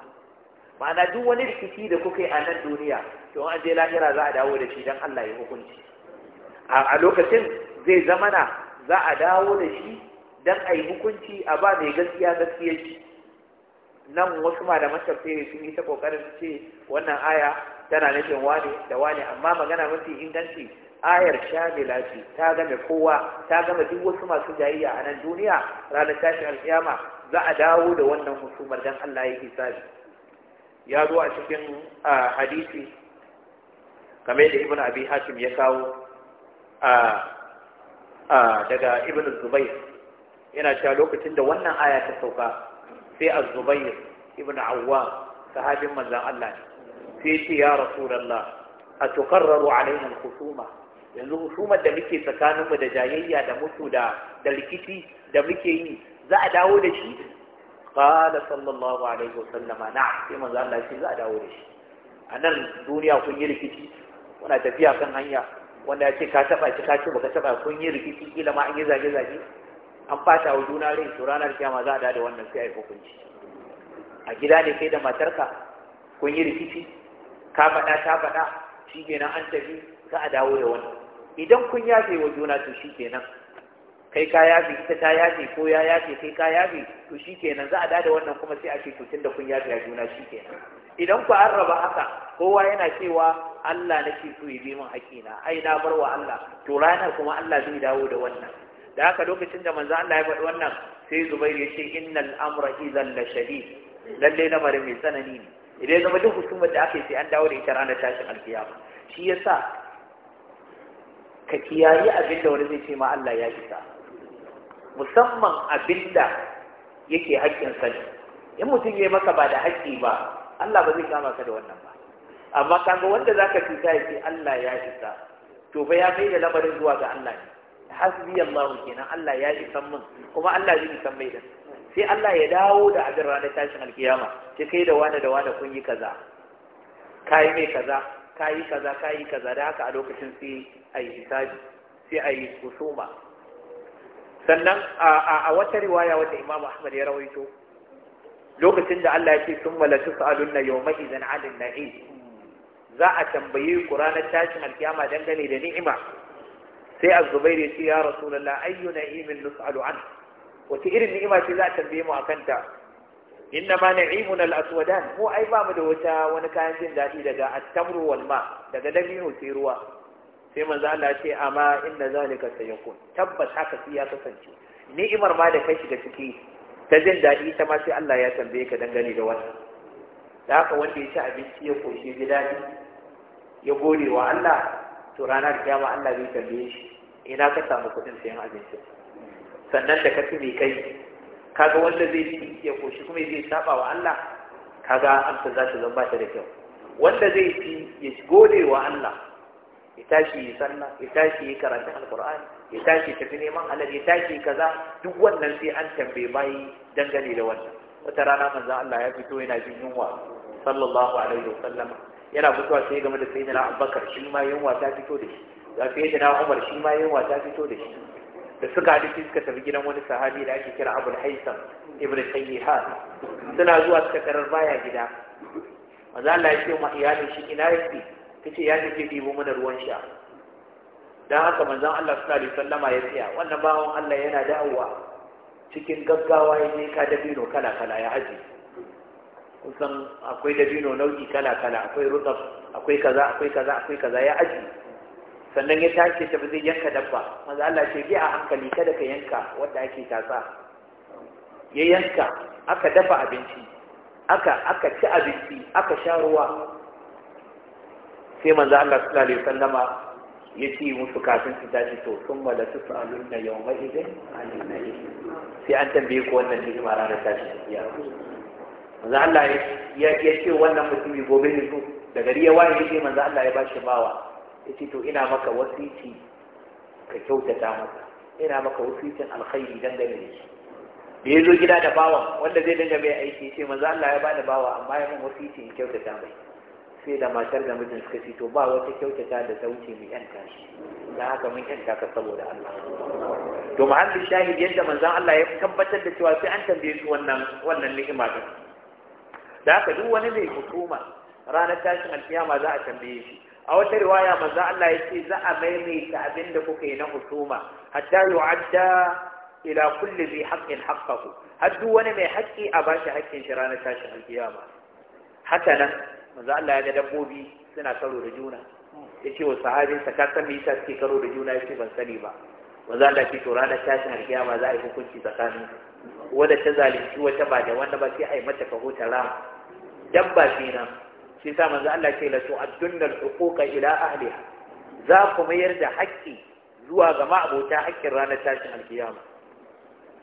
ma'ana duk wani rikici da kuka yi a nan duniya to an je lahira za a dawo da shi don Allah ya hukunci a lokacin zai zama na za a dawo da shi don a yi hukunci a ba mai gaskiya gaskiya shi nan wasu da tafsiri sun yi ta kokarin su ce wannan aya tana nufin wane da wane amma magana mafi inganci ayar shamila ce ta game kowa ta game duk wasu masu jayayya a nan duniya ranar tashin alkiyama za a dawo da wannan husumar don Allah ya hisabi ya zo a cikin hadisi game da ibn abi hashim ya kawo daga ibn zubair yana cewa lokacin da wannan aya ta sauka sai az-zubair ibn awwam sahabin manzon Allah sai ce ya rasulullah atukarraru alaina al-khusuma yanzu husumar da muke tsakaninmu da jayayya da mutu da rikici likiti da muke yi za a dawo da shi qala sallallahu alaihi wasallama na'am sai manzo Allah shi za a dawo da shi a nan duniya kun yi rikici kuna tafiya kan hanya wanda ya ce ka taba ki ka ce baka taba kun yi rikici kila ma an yi zage zage an fata wa juna rai to ranar kiyama za a dawo da wannan sai a yi hukunci a gida ne kai da matarka kun yi rikici ka faɗa ta faɗa shi kenan an tafi za a dawo da wannan idan kun yafe wa juna to shi kenan kai ka yafe ita ta yafe ko ya yafe kai ka yafe to shikenan za a dada wannan kuma sai a ce to tunda kun yafe a juna shikenan idan ku an raba haka kowa yana cewa Allah nake so ya bi min na, ai na bar wa Allah to ranar kuma Allah zai dawo da wannan da haka lokacin da manzo Allah ya faɗi wannan sai Zubairu ya ce innal amra idan la shadid lalle lamarin mai tsanani ne idan zama duk hukumar da aka yi sai an dawo da ita ranar tashin alkiyama shi yasa ka kiyaye abin da wani zai ce ma Allah ya isa musamman abinda yake hakkin sani in mutum ya yi maka ba da haƙƙi ba Allah ba zai kama ka da wannan ba amma kaga wanda zaka cuta ya ce Allah ya isa to ba ya mai da lamarin zuwa ga Allah ne hasbi Allah kenan Allah ya isa min kuma Allah zai isa mai da sai Allah ya dawo da abin ranar tashin alkiyama sai kai da wani da wani kun yi kaza kai mai kaza kai kaza kai kaza da haka a lokacin sai ayi hisabi sai ayi husuma sannan a wata riwaya wanda Imam Ahmad ya rawaito lokacin da Allah ya ce summa la tus'alunna yawma idhan na na'im za a tambayi ku ranar tashin alkiyama dangane da ni'ima sai az ya ce ya rasulullah ayyu na'imin nus'alu an wace irin ni'ima ce za a tambaye mu a kanta? inna ma naimu al-aswadan mu ai ba mu da wata wani kayan jin daɗi daga at wal ma daga dabino sai ruwa sai manzo Allah ce amma inna zalika sayakun tabbas haka sai ya kasance ni'imar ma da kai shiga ciki ta jin daɗi ta ma sai Allah ya tambaye ka dangane da wannan da haka wanda ya ci abinci ya koshi ji daɗi ya gode wa Allah to ranar kiyama Allah zai tambaye shi ina ka samu kuɗin sayan abinci sannan da ka fi mai kai kaga wanda zai ci ya koshi kuma zai saba wa Allah kaga amsa za ta zama ta da kyau wanda zai ci ya gode wa Allah ya tashi ya sanna ya tashi ya karanta alqur'ani ya tashi tafi neman halal ya tashi kaza duk wannan sai an tambaye bayi dangane da wannan wata rana manzo Allah ya fito yana jin yunwa sallallahu alaihi wa sallama. yana fitowa sai game da sayyidina Abubakar shi ma yunwa ta fito da shi da sayyidina Umar shi ma yunwa ta fito da shi da suka haɗu hadisi suka tafi gidan wani sahabi da ake kira Abu Haisam Ibn Sayyihat suna zuwa suka karar baya gida manzo Allah ya ce ma iyalin shi ina yake ta ce ya tafi ɗibo mana ruwan sha don haka manzon Allah sallallahu alaihi sallama ya tsaya wannan bawon Allah yana da'awa cikin gaggawa ya je ka dabino kala kala ya aji kusan akwai dabino nau'i kala kala akwai rutsaf akwai kaza akwai kaza akwai kaza ya aji sannan ya tashi ta zai yanka dabba manzo Allah ce bi a hankali kada ka yanka wanda ake tasa. ya yanka aka dafa abinci aka aka ci abinci aka sha ruwa sai manzo Allah sallallahu alaihi ya yace musu kafin su tashi to sun su tusaluna yawma yau anin nayi sai an tambaye ko wannan mara da tashi kiyama manzo Allah ya ya ce wannan mutumi gobe ne su da gari ya waye yace manzo Allah ya bashi bawa yace to ina maka wasiki ka kyautata masa ina maka wasikin alkhairi dangane da shi da ya zo gida da bawa wanda zai dinga mai aiki ce manzo Allah ya bada bawa amma ya mun wasiki in kyautata mai sai da matar da mijin suka ce to ba wata kyautata da ta wuce mai yanta shi da haka mun yanta ka saboda Allah to mahallin shahid yadda manzon Allah ya tabbatar da cewa sai an tambaye su wannan wannan ni'ima din da haka duk wani mai hukuma ranar tashin alkiyama za a tambaye shi a wata riwaya manzon Allah ya ce za a maimaita abin da kuka yi na hukuma hatta yu'adda ila kulli bi haqqin haqqahu har duk wani mai haƙƙi a bashi haƙƙin shi ranar tashin alkiyama haka nan manzo Allah ya ga dabbobi suna karo da juna ce wa sahabin sa ka san me yasa suke karo da juna ce ban sani ba manzo Allah ya ce to ranar tashin alkiyama za a yi hukunci tsakanin wanda ta zalunci wata ba da wanda ba sai a yi mata kaho ta rama dabba nan. shi sa manzo Allah ya ce la tu'addun al-huquqa ila ahliha za ku mayar da haƙƙi zuwa ga ma'abota haƙƙin ranar tashin alkiyama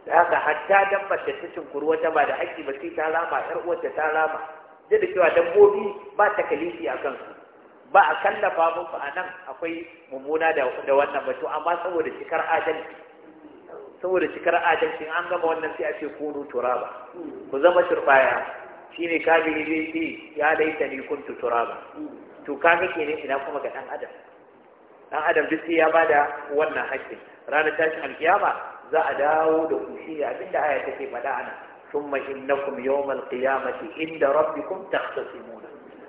da haka hatta dabbar da ta cinkuru wata ba da haƙƙi ba sai ta rama ƴar uwarta ta rama zai da cewa dabbobi ba takalifi a kansu ba a kallafa musu a nan akwai mummuna da wannan batu amma saboda cikar adalci saboda cikar adalci an gama wannan sai a ce kunu turaba ku zama turbaya Shi ne zai ce ya laita ni kuntu turaba to kaga ne ina kuma ga dan adam dan adam duk sai ya da wannan haƙƙin ranar tashin alkiyama za a dawo da kushi abinda aya take faɗa ana ثم إنكم يوم القيامة عند ربكم تختصمون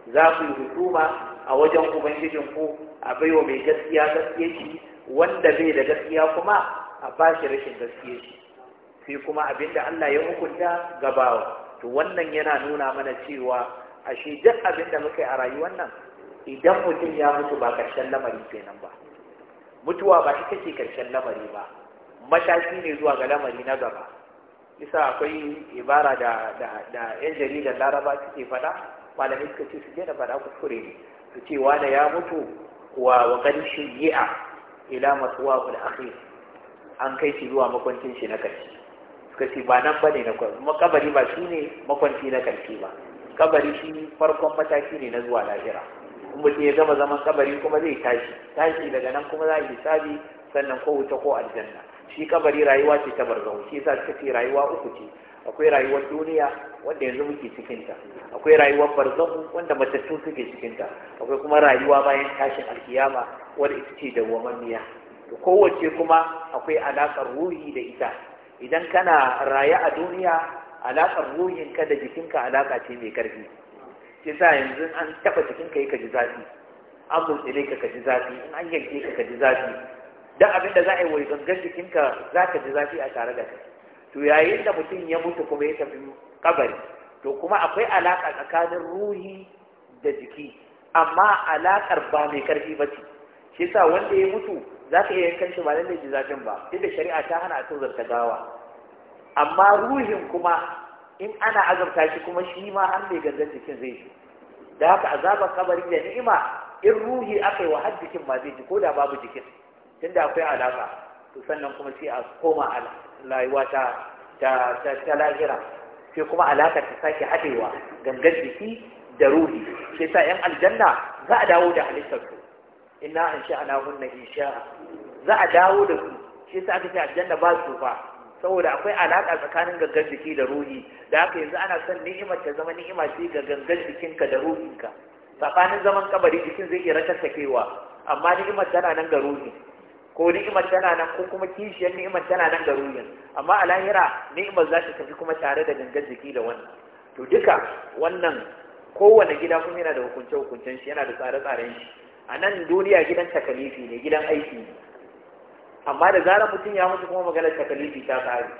ذاك الهتومة أوجن أبنجنكم أبيو gaskiya جسيشي wanda bai da gaskiya kuma a bashi rashin gaskiya shi sai kuma abinda Allah ya hukunta gabawa to wannan yana nuna mana cewa ashe duk abinda muka yi a rayuwar nan idan mutum ya mutu ba karshen lamari kenan ba mutuwa ba ita ce karshen lamari ba Mashashi ne zuwa ga lamari na gaba isa akwai ibara da da yan jaridar laraba suke faɗa malamai suka ce su je da faɗa kuskure ne su ce wani ya mutu wa wa ƙarshen yi'a ila ku da akhir an kai shi zuwa makwancin shi na ƙarshe suka ce ba nan bane na kuma kabari ba shi ne makwanci na ƙarshe ba kabari shi farkon mataki ne na zuwa lahira in mutum ya gama zaman kabari kuma zai tashi tashi daga nan kuma za a yi sabi sannan ko wuta ko aljanna shi kabari rayuwa ce ta barzahu shi yasa suka ce rayuwa uku ce akwai rayuwar duniya wanda yanzu muke cikin ta akwai rayuwar barzahu wanda matattu suke cikin ta akwai kuma rayuwa bayan tashin alkiyama wanda ita ce dawwamammiya to kowace kuma akwai alaƙar ruhi da ita idan kana raye a duniya alaƙar ruhinka da jikinka alaƙa ce mai ƙarfi shi yasa yanzu an taɓa jikinka yi ka ji zafi an burtsile ka ka ji zafi in an yanke ka ka ji zafi dan abin da za a yi wai gangan jikinka za ka ji zafi a tare da kai to yayin da mutum ya mutu kuma ya tafi kabari to kuma akwai alaƙa tsakanin ruhi da jiki amma alaƙar ba mai karfi ba ce shi yasa wanda ya mutu za ka iya yankan shi ba lallai ji zafin ba inda shari'a ta hana a zarta gawa amma ruhin kuma in ana azabta shi kuma shi ma har mai gangan jikin zai shi da haka azabar kabari da ni'ima in ruhi aka yi wa har jikin ma zai ji ko da babu jikin tunda akwai alaka to sannan kuma sai a koma rayuwa ta ta ta lahira sai kuma alaka ta sake hadewa gangan jiki da ruhi sai sa yan aljanna za a dawo da halittar su inna an sha ana hunna insha za a dawo da su sai sa aka ce aljanna ba su fa saboda akwai alaka tsakanin gangan jiki da ruhi da haka yanzu ana son ni'imar ta zama ni'ima ce ga gangan jikinka da ruhinka tsakanin zaman kabari jikin zai iya ratattakewa amma ni'imar tana nan ga ruhi ko ni'imar tana nan ko kuma kishiyar ni'imar tana nan garu yin amma a lahira ni'imar za ta tafi kuma tare da gangan jiki da wannan to duka wannan kowane gida kuma yana da hukunce hukuncen shi yana da tsare-tsaren shi a nan duniya gidan takalifi ne gidan aiki ne amma da zarar mutum ya mutu kuma maganar takalifi ta tsari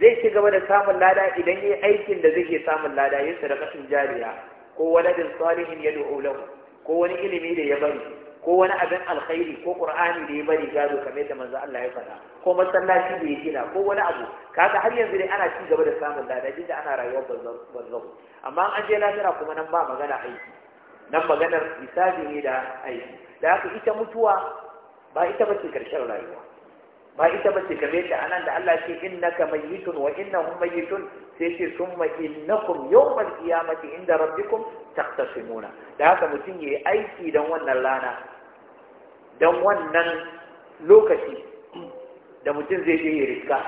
zai ci gaba da samun lada idan ya yi aikin da zai ke samun lada yin sadakatun jariya ko waladin salihin ya lahu ko wani ilimi da ya bari ko wani abin alkhairi ko qur'ani da ya bari gado kamar yadda manzo Allah ya faɗa ko masallaci da ya gina ko wani abu kaga har yanzu dai ana ci gaba da samun ladabi da ana rayuwar barzahu amma an je lahira kuma nan ba magana aiki nan maganar hisabi ne da aiki da haka ita mutuwa ba ita bace karshen rayuwa ba ita bace kamar da anan da Allah ce innaka mayyitun wa innahum mayyitun sai ce summa innakum yawmal qiyamati inda rabbikum taqtasimuna da haka mutum yayi aiki dan wannan lana, dan wannan lokaci da mutum zai je ya riska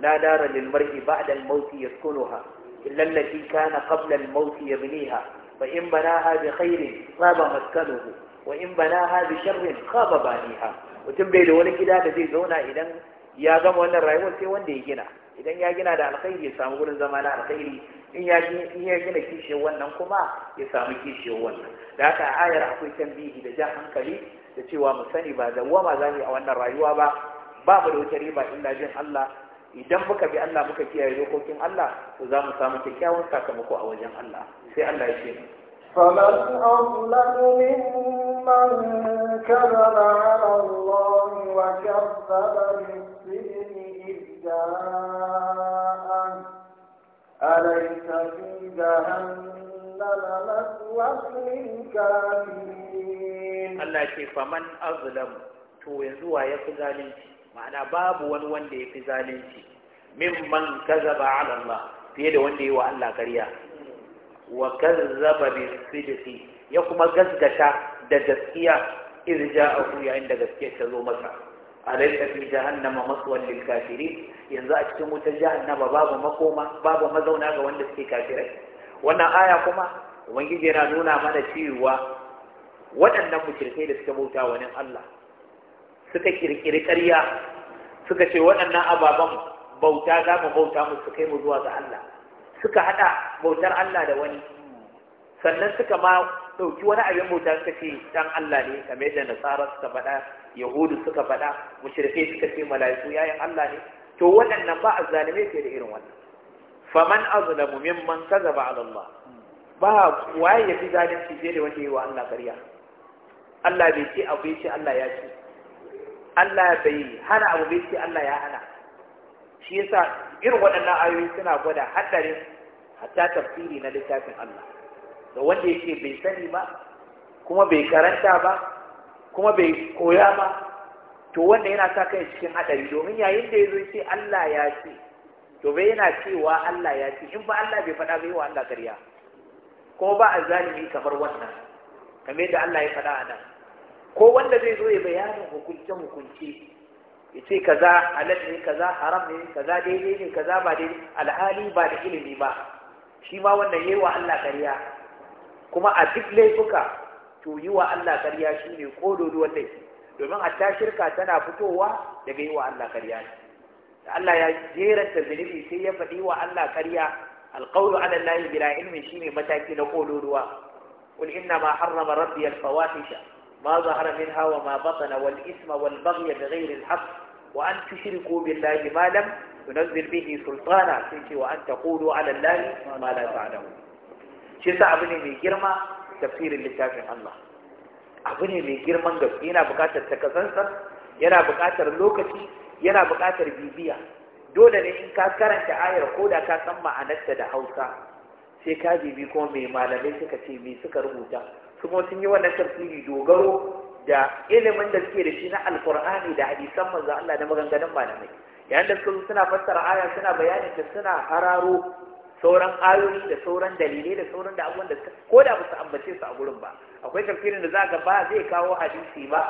la dara lil mar'i ba'da al mawti yaskunuha illa allati kana qabla al mawti yabniha fa in banaha bi khairin saba maskanuhu wa in banaha bi sharrin khaba baniha mutum bai da wani gida da zai zauna idan ya gama wannan rayuwar sai wanda ya gina idan ya gina da alkhairi ya samu gurin zama na alkhairi in ya gina kishiyar wannan kuma ya samu kishiyar wannan da haka a ayar akwai tambihi da jan hankali da cewa mu sani ba da wama za mu a wannan rayuwa ba ba mu da wata riba illa jin Allah idan muka bi Allah muka kiyaye dokokin Allah to za mu samu kyakkyawan sakamako a wajen Allah sai Allah ya ce فمن أظلم ممن من كذب على الله وكذب بالسجن إذ جاءه أليس في جهنم مثوى للكافرين الله شيء فمن أظلم to yanzu wa ya fi zalunci ma'ana babu wani wanda ya fi zalunci mimman kazaba ala Allah fiye da wanda ya wa Allah ƙarya wa kazzaba bi ya kuma gaskata da gaskiya a ja'ahu yayin da gaskiya ta zo masa alaysa fi jahannama maswan lil kafirin yanzu a cikin wutar jahannama babu makoma babu mazauna ga wanda suke kafirai wannan aya kuma ubangiji yana nuna mana cewa waɗannan mushrikai da suka bauta wani Allah suka kirkiri ƙarya suka ce waɗannan ababen bauta za mu bauta mu su kai mu zuwa ga Allah suka haɗa bautar Allah da wani sannan suka ma ɗauki wani abin bauta suka ce dan Allah ne kamar yadda nasara suka faɗa yahudu suka faɗa mushrikai suka ce mala'iku yayin Allah ne to waɗannan ba azzalime ke da irin wannan faman azlamu mimman kazaba ala Allah ba waye ya fi zalunci je da wanda yi wa Allah ƙarya Allah bai ce abu bai ce Allah ya ce Allah bai hana abu bai ce Allah ya hana shi yasa irin waɗannan ayoyi suna gwada haɗarin hatta tafsiri na littafin Allah da wanda yake bai sani ba kuma bai karanta ba kuma bai koya ba to wanda yana sa kai cikin hadari domin yayin da yazo ce Allah ya ce to bai yana cewa Allah ya ce in ba Allah bai faɗa bai wa Allah kariya ko ba azalimi kamar wannan kamar yadda Allah ya faɗa a nan ko wanda zai zo ya bayyana hukunce hukunce ya ce kaza halal ne kaza haram ne kaza daidai ne kaza ba daidai alhali ba da ilimi ba shi ma wannan yayi wa Allah kariya kuma a duk laifuka to wa Allah ƙarya shi ne ko doduwar laifi domin a ta shirka tana fitowa daga yi wa Allah ƙarya shi da Allah ya jera ta zunubi sai ya faɗi wa Allah ƙarya alƙawlu ala lahi bila ilmi shi ne mataki na kododuwa qul inna ma harrama rabbi al fawahisha ma zahara minha wa ma batana wal isma wal baghy bi ghayri al haqq wa an tushriku Malam ma lam tunzil bihi sultana sai ce wa an taqulu ala lahi ma la ta'lamun shi sa abu ne mai girma tafsirin littafin Allah abu ne mai girman gaske yana buƙatar takasansa yana buƙatar lokaci yana buƙatar bibiya dole ne in ka karanta ayar ko da ka san ma'anarta da Hausa sai ka bibi ko mai malamai suka ce mai suka rubuta kuma sun yi wannan tafsiri dogaro da ilimin da suke da shi na alkur'ani da hadisan manzo Allah da maganganun malamai yayin da su suna fassara aya suna bayani ta suna hararo sauran ayoyi da sauran dalilai da sauran da abubuwan da ko da ba su ambace su a gurin ba akwai tafsirin da za ka ba zai kawo hadisi ba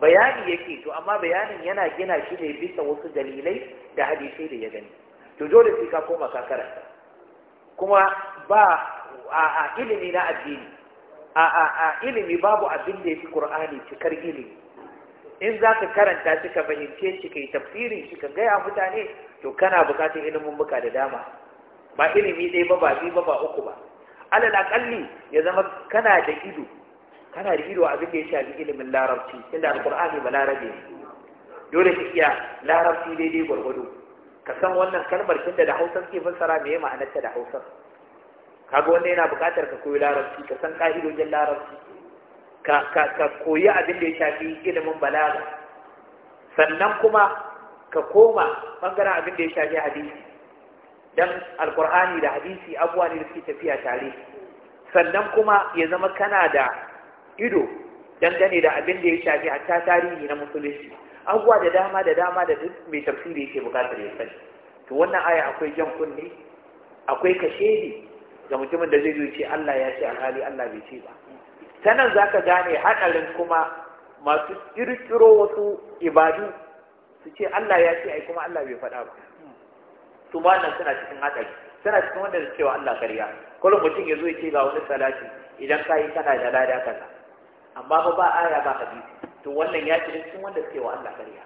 bayani yake to amma bayanin yana gina shi ne bisa wasu dalilai da hadisai da ya gani to dole sai ka koma ka karanta kuma ba a ilimi na addini a ilimi babu abin da ya fi qur'ani cikar ilimi in za ka karanta shi ka fahimce shi ka yi tafsirin shi ka gaya mutane to kana bukatar ilimin muka da dama ba ilimi ɗaya ba ba biyu ba ba uku ba alal akalli ya zama kana da ido kana da ido abin da ya shafi ilimin larabci inda alƙur'ani ba larabe ne dole ka iya larabci daidai gwargwado ka san wannan kalmar kin da Hausa ke fassara me ma'anar ta da Hausa kaga wanda yana buƙatar ka koyi larabci ka san ƙa'idojin larabci ka ka ka koyi abin da ya shafi ilimin balaga sannan kuma ka koma bangaren abin da ya shafi hadisi dan alkur'ani da hadisi abuwa ne da suke tafiya tare sannan kuma ya zama kana da ido dangane da abin da ya shafi ta tarihi na musulunci abuwa da dama da dama da duk mai tafsiri yake bukatar ya sani to wannan aya akwai jan kunne akwai kashedi ga mutumin da zai zo ce Allah ya ce alhali Allah bai ce ba sanan zaka gane hadarin kuma masu kirkiro wasu ibadu su ce Allah ya ce ai kuma Allah bai faɗa ba to suna cikin hatsari suna cikin wanda da cewa Allah kariya kullum mutum ya zo ya ce ga wani salati idan ka yi kana da lada kaza amma ba ba aya ba hadisi to wannan ya ci cikin wanda da wa Allah kariya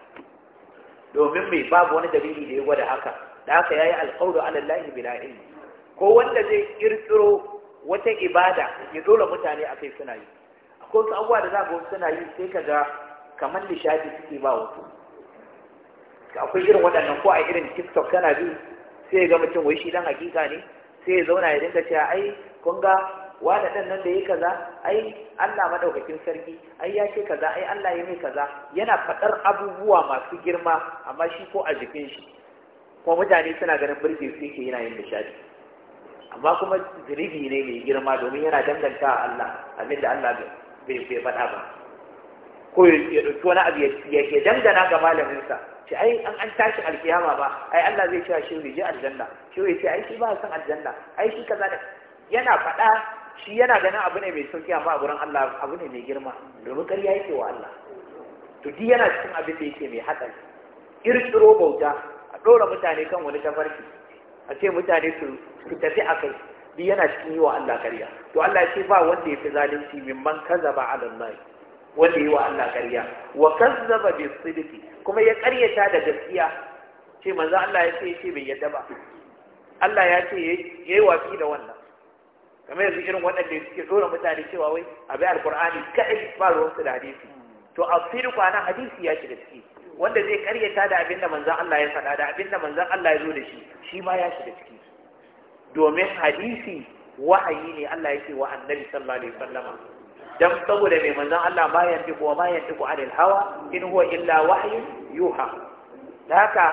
domin mai babu wani dalili da ya gwada haka da haka yi alqawlu ala lahi bila ilmi ko wanda zai ƙirƙiro wata ibada ya dole mutane a kai suna yi akwai wasu abubuwa da za ga wasu suna yi sai ka ga kamar nishadi suke ba wasu akwai irin waɗannan ko a irin tiktok kana bi sai ya ga mutum wai shi dan hakika ne sai ya zauna ya dinga cewa ai kun ga wani dan nan da ya kaza ai Allah madaukakin sarki ai ya ce kaza ai Allah ya mai kaza yana fadar abubuwa masu girma amma shi ko a jikin shi kuma mutane suna ganin birge su yake yana yin nishadi amma kuma zirigi ne mai girma domin yana danganta Allah abin da Allah bai faɗa ba ko ya ɗauki wani abu ya ke dangana ga malaminsa ce ai an an tashi alkiyama ba ai Allah zai cewa shi rije aljanna shi ya ce ai shi ba san aljanna ai shi kaza ne yana fada shi yana ganin abu ne mai sauki amma a gurin Allah abu ne mai girma domin ƙarya yake wa Allah to di yana cikin abin da yake mai hatsari kirkiro bauta a ɗora mutane kan wani tafarki a ce mutane su tafi a kai di yana cikin yi wa Allah ƙarya to Allah ya ce ba wanda ya fi zalunci min man kaza ba ala wanda yi wa Allah ƙarya wa kazzaba bi sidqi kuma ya karyata da gaskiya ce manzo Allah ya ce ce bai yadda ba Allah ya ce yayi watsi da wannan kamar yanzu irin waɗanda suke dora mutane cewa wai a bai alkur'ani kaɗai ba ruwan su da hadisi to a fili kwana hadisi ya shiga ciki wanda zai karyata da abin da manzan Allah ya faɗa da abin da manzan Allah ya zo da shi shi ma ya shiga ciki domin hadisi wahayi ne Allah yake wa annabi sallallahu alaihi wasallama dan saboda mai manzon Allah ma ya tiko ma ya tiko anil hawa in huwa illa wahyu yuha haka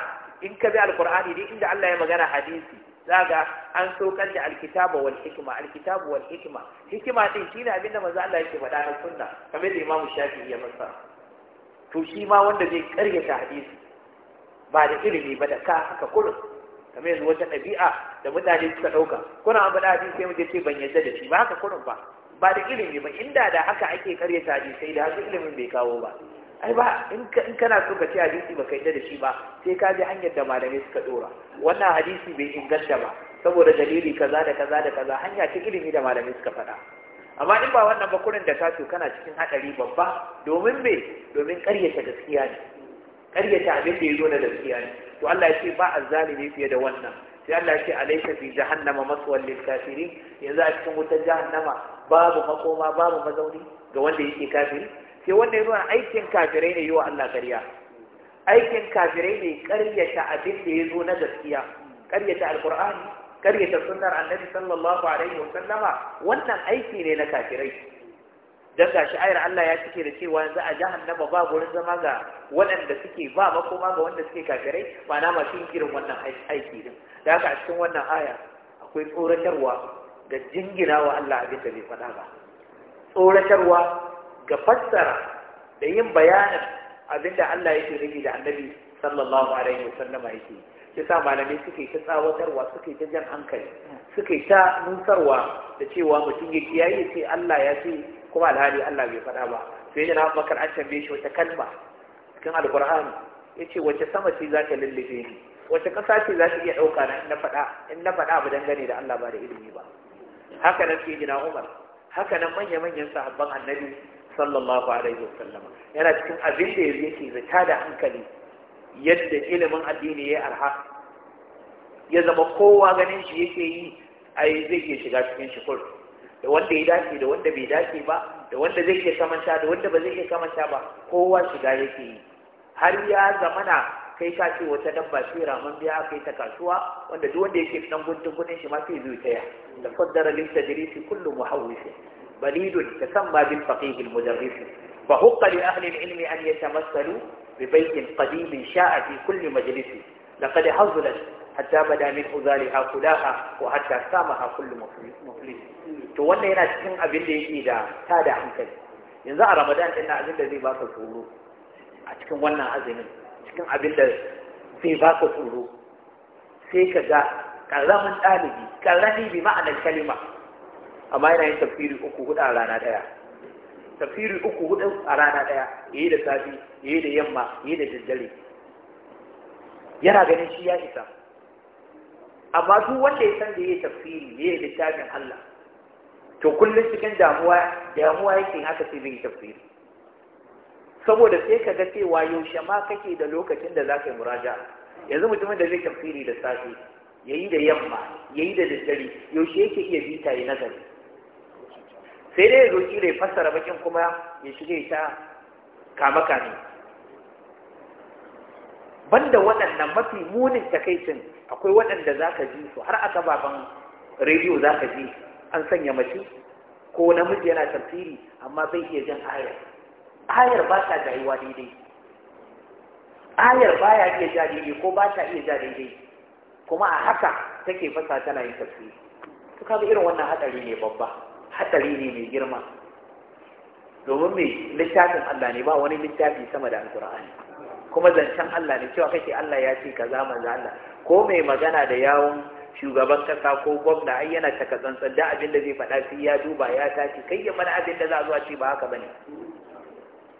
in ka bi alqur'ani dai inda Allah ya magana hadisi zaga an saukar da alkitaba wal hikma alkitabu wal hikma hikma din shine abinda manzon Allah yake faɗa na sunna kamar da imamu Shafi'i ya masa to shi ma wanda zai karyata hadisi ba da ilimi ba da ka haka kullum kamar yanzu wata ɗabi'a da mutane suka ɗauka kuna an faɗa hadisi sai mutum ce ban yadda da shi ba haka kullum ba ba da ilimi ba inda da haka ake karyata hadisai da haka ilimin bai kawo ba ai ba in kana so ka ci hadisi ba ka yadda da shi ba sai ka ji hanyar da malamai suka dora wannan hadisi bai inganta ba saboda dalili kaza da kaza da kaza hanya ta ilimi da malamai suka faɗa amma in ba wannan ba kurin da kato kana cikin haɗari babba domin me domin ƙaryata gaskiya ne ƙaryata abin da ya zo na gaskiya ne to Allah ya ce ba azzalimi fiye da wannan sai Allah ya ce alaysa fi jahannama maswal lil kafirin yanzu a cikin wutar jahannama babu makoma babu mazauni ga wanda yake kafiri sai wanda ya aikin kafirai ne yi Allah ƙarya aikin kafirai ne karyata abin da ya zo na gaskiya ƙaryata alqur'ani ƙaryata sunnar annabi sallallahu alaihi wa wannan aiki ne na kafirai dan gashi ayar Allah ya cike da cewa yanzu a jahannama ba gurin zama ga waɗanda suke ba makoma ga wanda suke kafirai ma'ana masu yin irin wannan aiki din da haka a cikin wannan aya akwai tsoratarwa ga jingina wa Allah a bisa bai faɗa ba tsoratarwa ga fassara da yin bayanin abin da Allah yake rigi da annabi sallallahu alaihi wasallama yake ya sa malamai suke ta tsawatarwa suke ta jan hankali suke ta nusarwa da cewa mutum ya kiyaye sai Allah ya ce kuma alhali Allah bai faɗa ba sai da na bakar an tambaye shi wata kalma cikin alkur'ani ya ce wace sama ce za ta lullube ni wace ƙasa ce za ta iya ɗauka na in na faɗa in na faɗa ba dangane da Allah ba da ilimi ba haka nan gida Umar haka nan manya-manyan sahabban annabi sallallahu alaihi wasallam yana cikin abin da yake zata da hankali yadda ilimin addini ya arha ya zama kowa ganin shi yake yi ai zai ke shiga cikin shukur da wanda ya dace da wanda bai dace ba da wanda zai ke kamanta da wanda ba zai ke kamanta ba kowa shiga yake yi har ya zamana kai ka ci wata dabba shi ramin biya kai ta kasuwa wanda duk wanda yake dan guntun gudun shi ma sai zai taya da faddara lin tajrisi kullu muhawwis balid tasamma bil faqih al mudarris fa huqqa li ahli al ilm an yatamassalu bi bayt qadim sha'a fi kulli majlis laqad hazala hatta bada min uzaliha kulaha wa hatta samaha kullu muflis to wannan yana cikin abin da yake da tada hankali yanzu a ramadan din abin da zai baka tsoro a cikin wannan azumin cikin abin da zai ba ka tsoro sai ka ga ƙaramin ɗalibi ƙarami bi ma'anar kalima amma yana yin tafiri uku hudu a rana ɗaya tafiri uku hudu a rana ɗaya yayi da safi yayi da yamma yayi da daddare yana ganin shi ya isa amma duk wanda ya san da yayi ya yayi littafin Allah to kullum cikin damuwa damuwa yake haka sai zai yi tafsiri saboda sai ka ga cewa yaushe ma kake da lokacin da za ka yi muraja yanzu mutumin da zai tafsiri da safe ya yi da yamma ya yi da daddare yaushe yake iya bita ya nazari sai dai ya zo kira ya fassara bakin kuma ya shiga ta sha kama kame banda waɗannan mafi munin takaicin akwai waɗanda za ka ji su har aka baban rediyo za ka ji an sanya mace ko namiji yana tafsiri amma bai iya jan ayar ayar ba ta jayuwa daidai ayar ba ya iya ja daidai ko ba ta iya ja daidai kuma a haka take fasa tana yin tafsiri to kaga irin wannan hatsari ne babba hatsari ne mai girma domin mai littafin Allah ne ba wani littafi sama da alkur'ani kuma zancen Allah ne cewa kake Allah ya ce kaza manzo Allah ko mai magana da yawon shugaban kasa ko gwamna ai yana taka tsantsan da abin da zai faɗa sai ya duba ya tashi kai ya mana abin da za a zuwa ce ba haka bane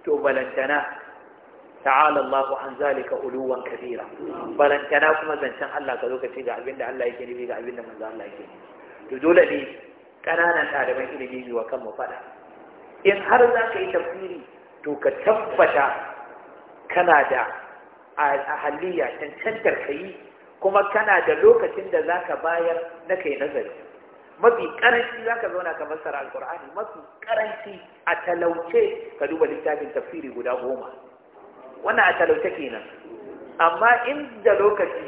to balantana ta'ala Allah an zalika uluwan kabira balantana kuma zancen Allah ka lokaci ga abinda Allah yake nufi ga abinda da manzo Allah yake to dole ne ƙananan ɗaliban ilimi yi wa kanmu faɗa in har za ka yi tafsiri to ka tabbata kana da ahaliya cancantar ka yi kuma kana da lokacin da za ka bayar na kai nazari mafi karanci za ka zauna ka fassara alkur'ani mafi karanci a talauce ka duba littafin tafsiri guda goma wannan a talauce kenan amma in da lokaci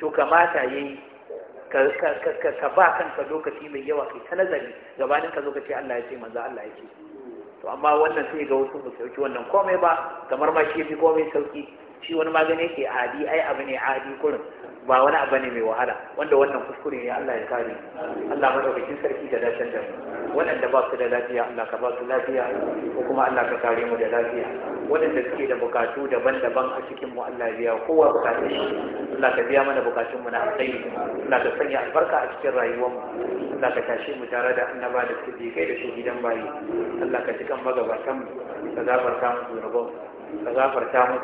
to kamata ya yi ka ba kanka lokaci mai yawa kai ta nazari gabanin ka zo ka ce Allah ya ce manzo Allah ya ce to amma wannan sai ga wasu musauki wannan komai ba kamar ma shi fi komai sauki shi wani magani ke adi ai abu ne adi kurin ba wani abu ne mai wahala wanda wannan kuskure ne Allah ya kare Allah madaukakin sarki da dacen da waɗanda ba su da lafiya Allah ka ba su lafiya ko kuma Allah ka kare mu da lafiya waɗanda suke da bukatu daban-daban a cikin mu Allah ya biya kowa bukatun shi Allah ka biya mana bukatun mu na alkhairi Allah ka sanya albarka a cikin rayuwar mu Allah ka tashi mu tare da annaba da siddiqai da shuhidan bayi Allah ka cikan magabatan mu ka gafarta mu zunubanmu ka gafarta mu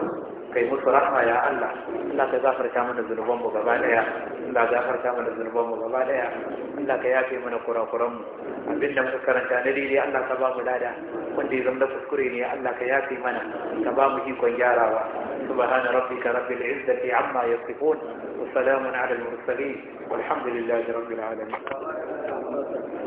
kai musu rahma ya Allah Allah ka gafarta mana zunuban gaba daya Allah mana zunubanmu gaba daya Allah ka yafe mana kurakuran mu abinda muka karanta na dai Allah ka ba mu lada wanda ya zama kuskure ne Allah ka yafe mana ka ba mu ikon gyarawa subhana rabbika rabbil izzati amma yasifun wa salamun ala al mursalin walhamdulillahi rabbil alamin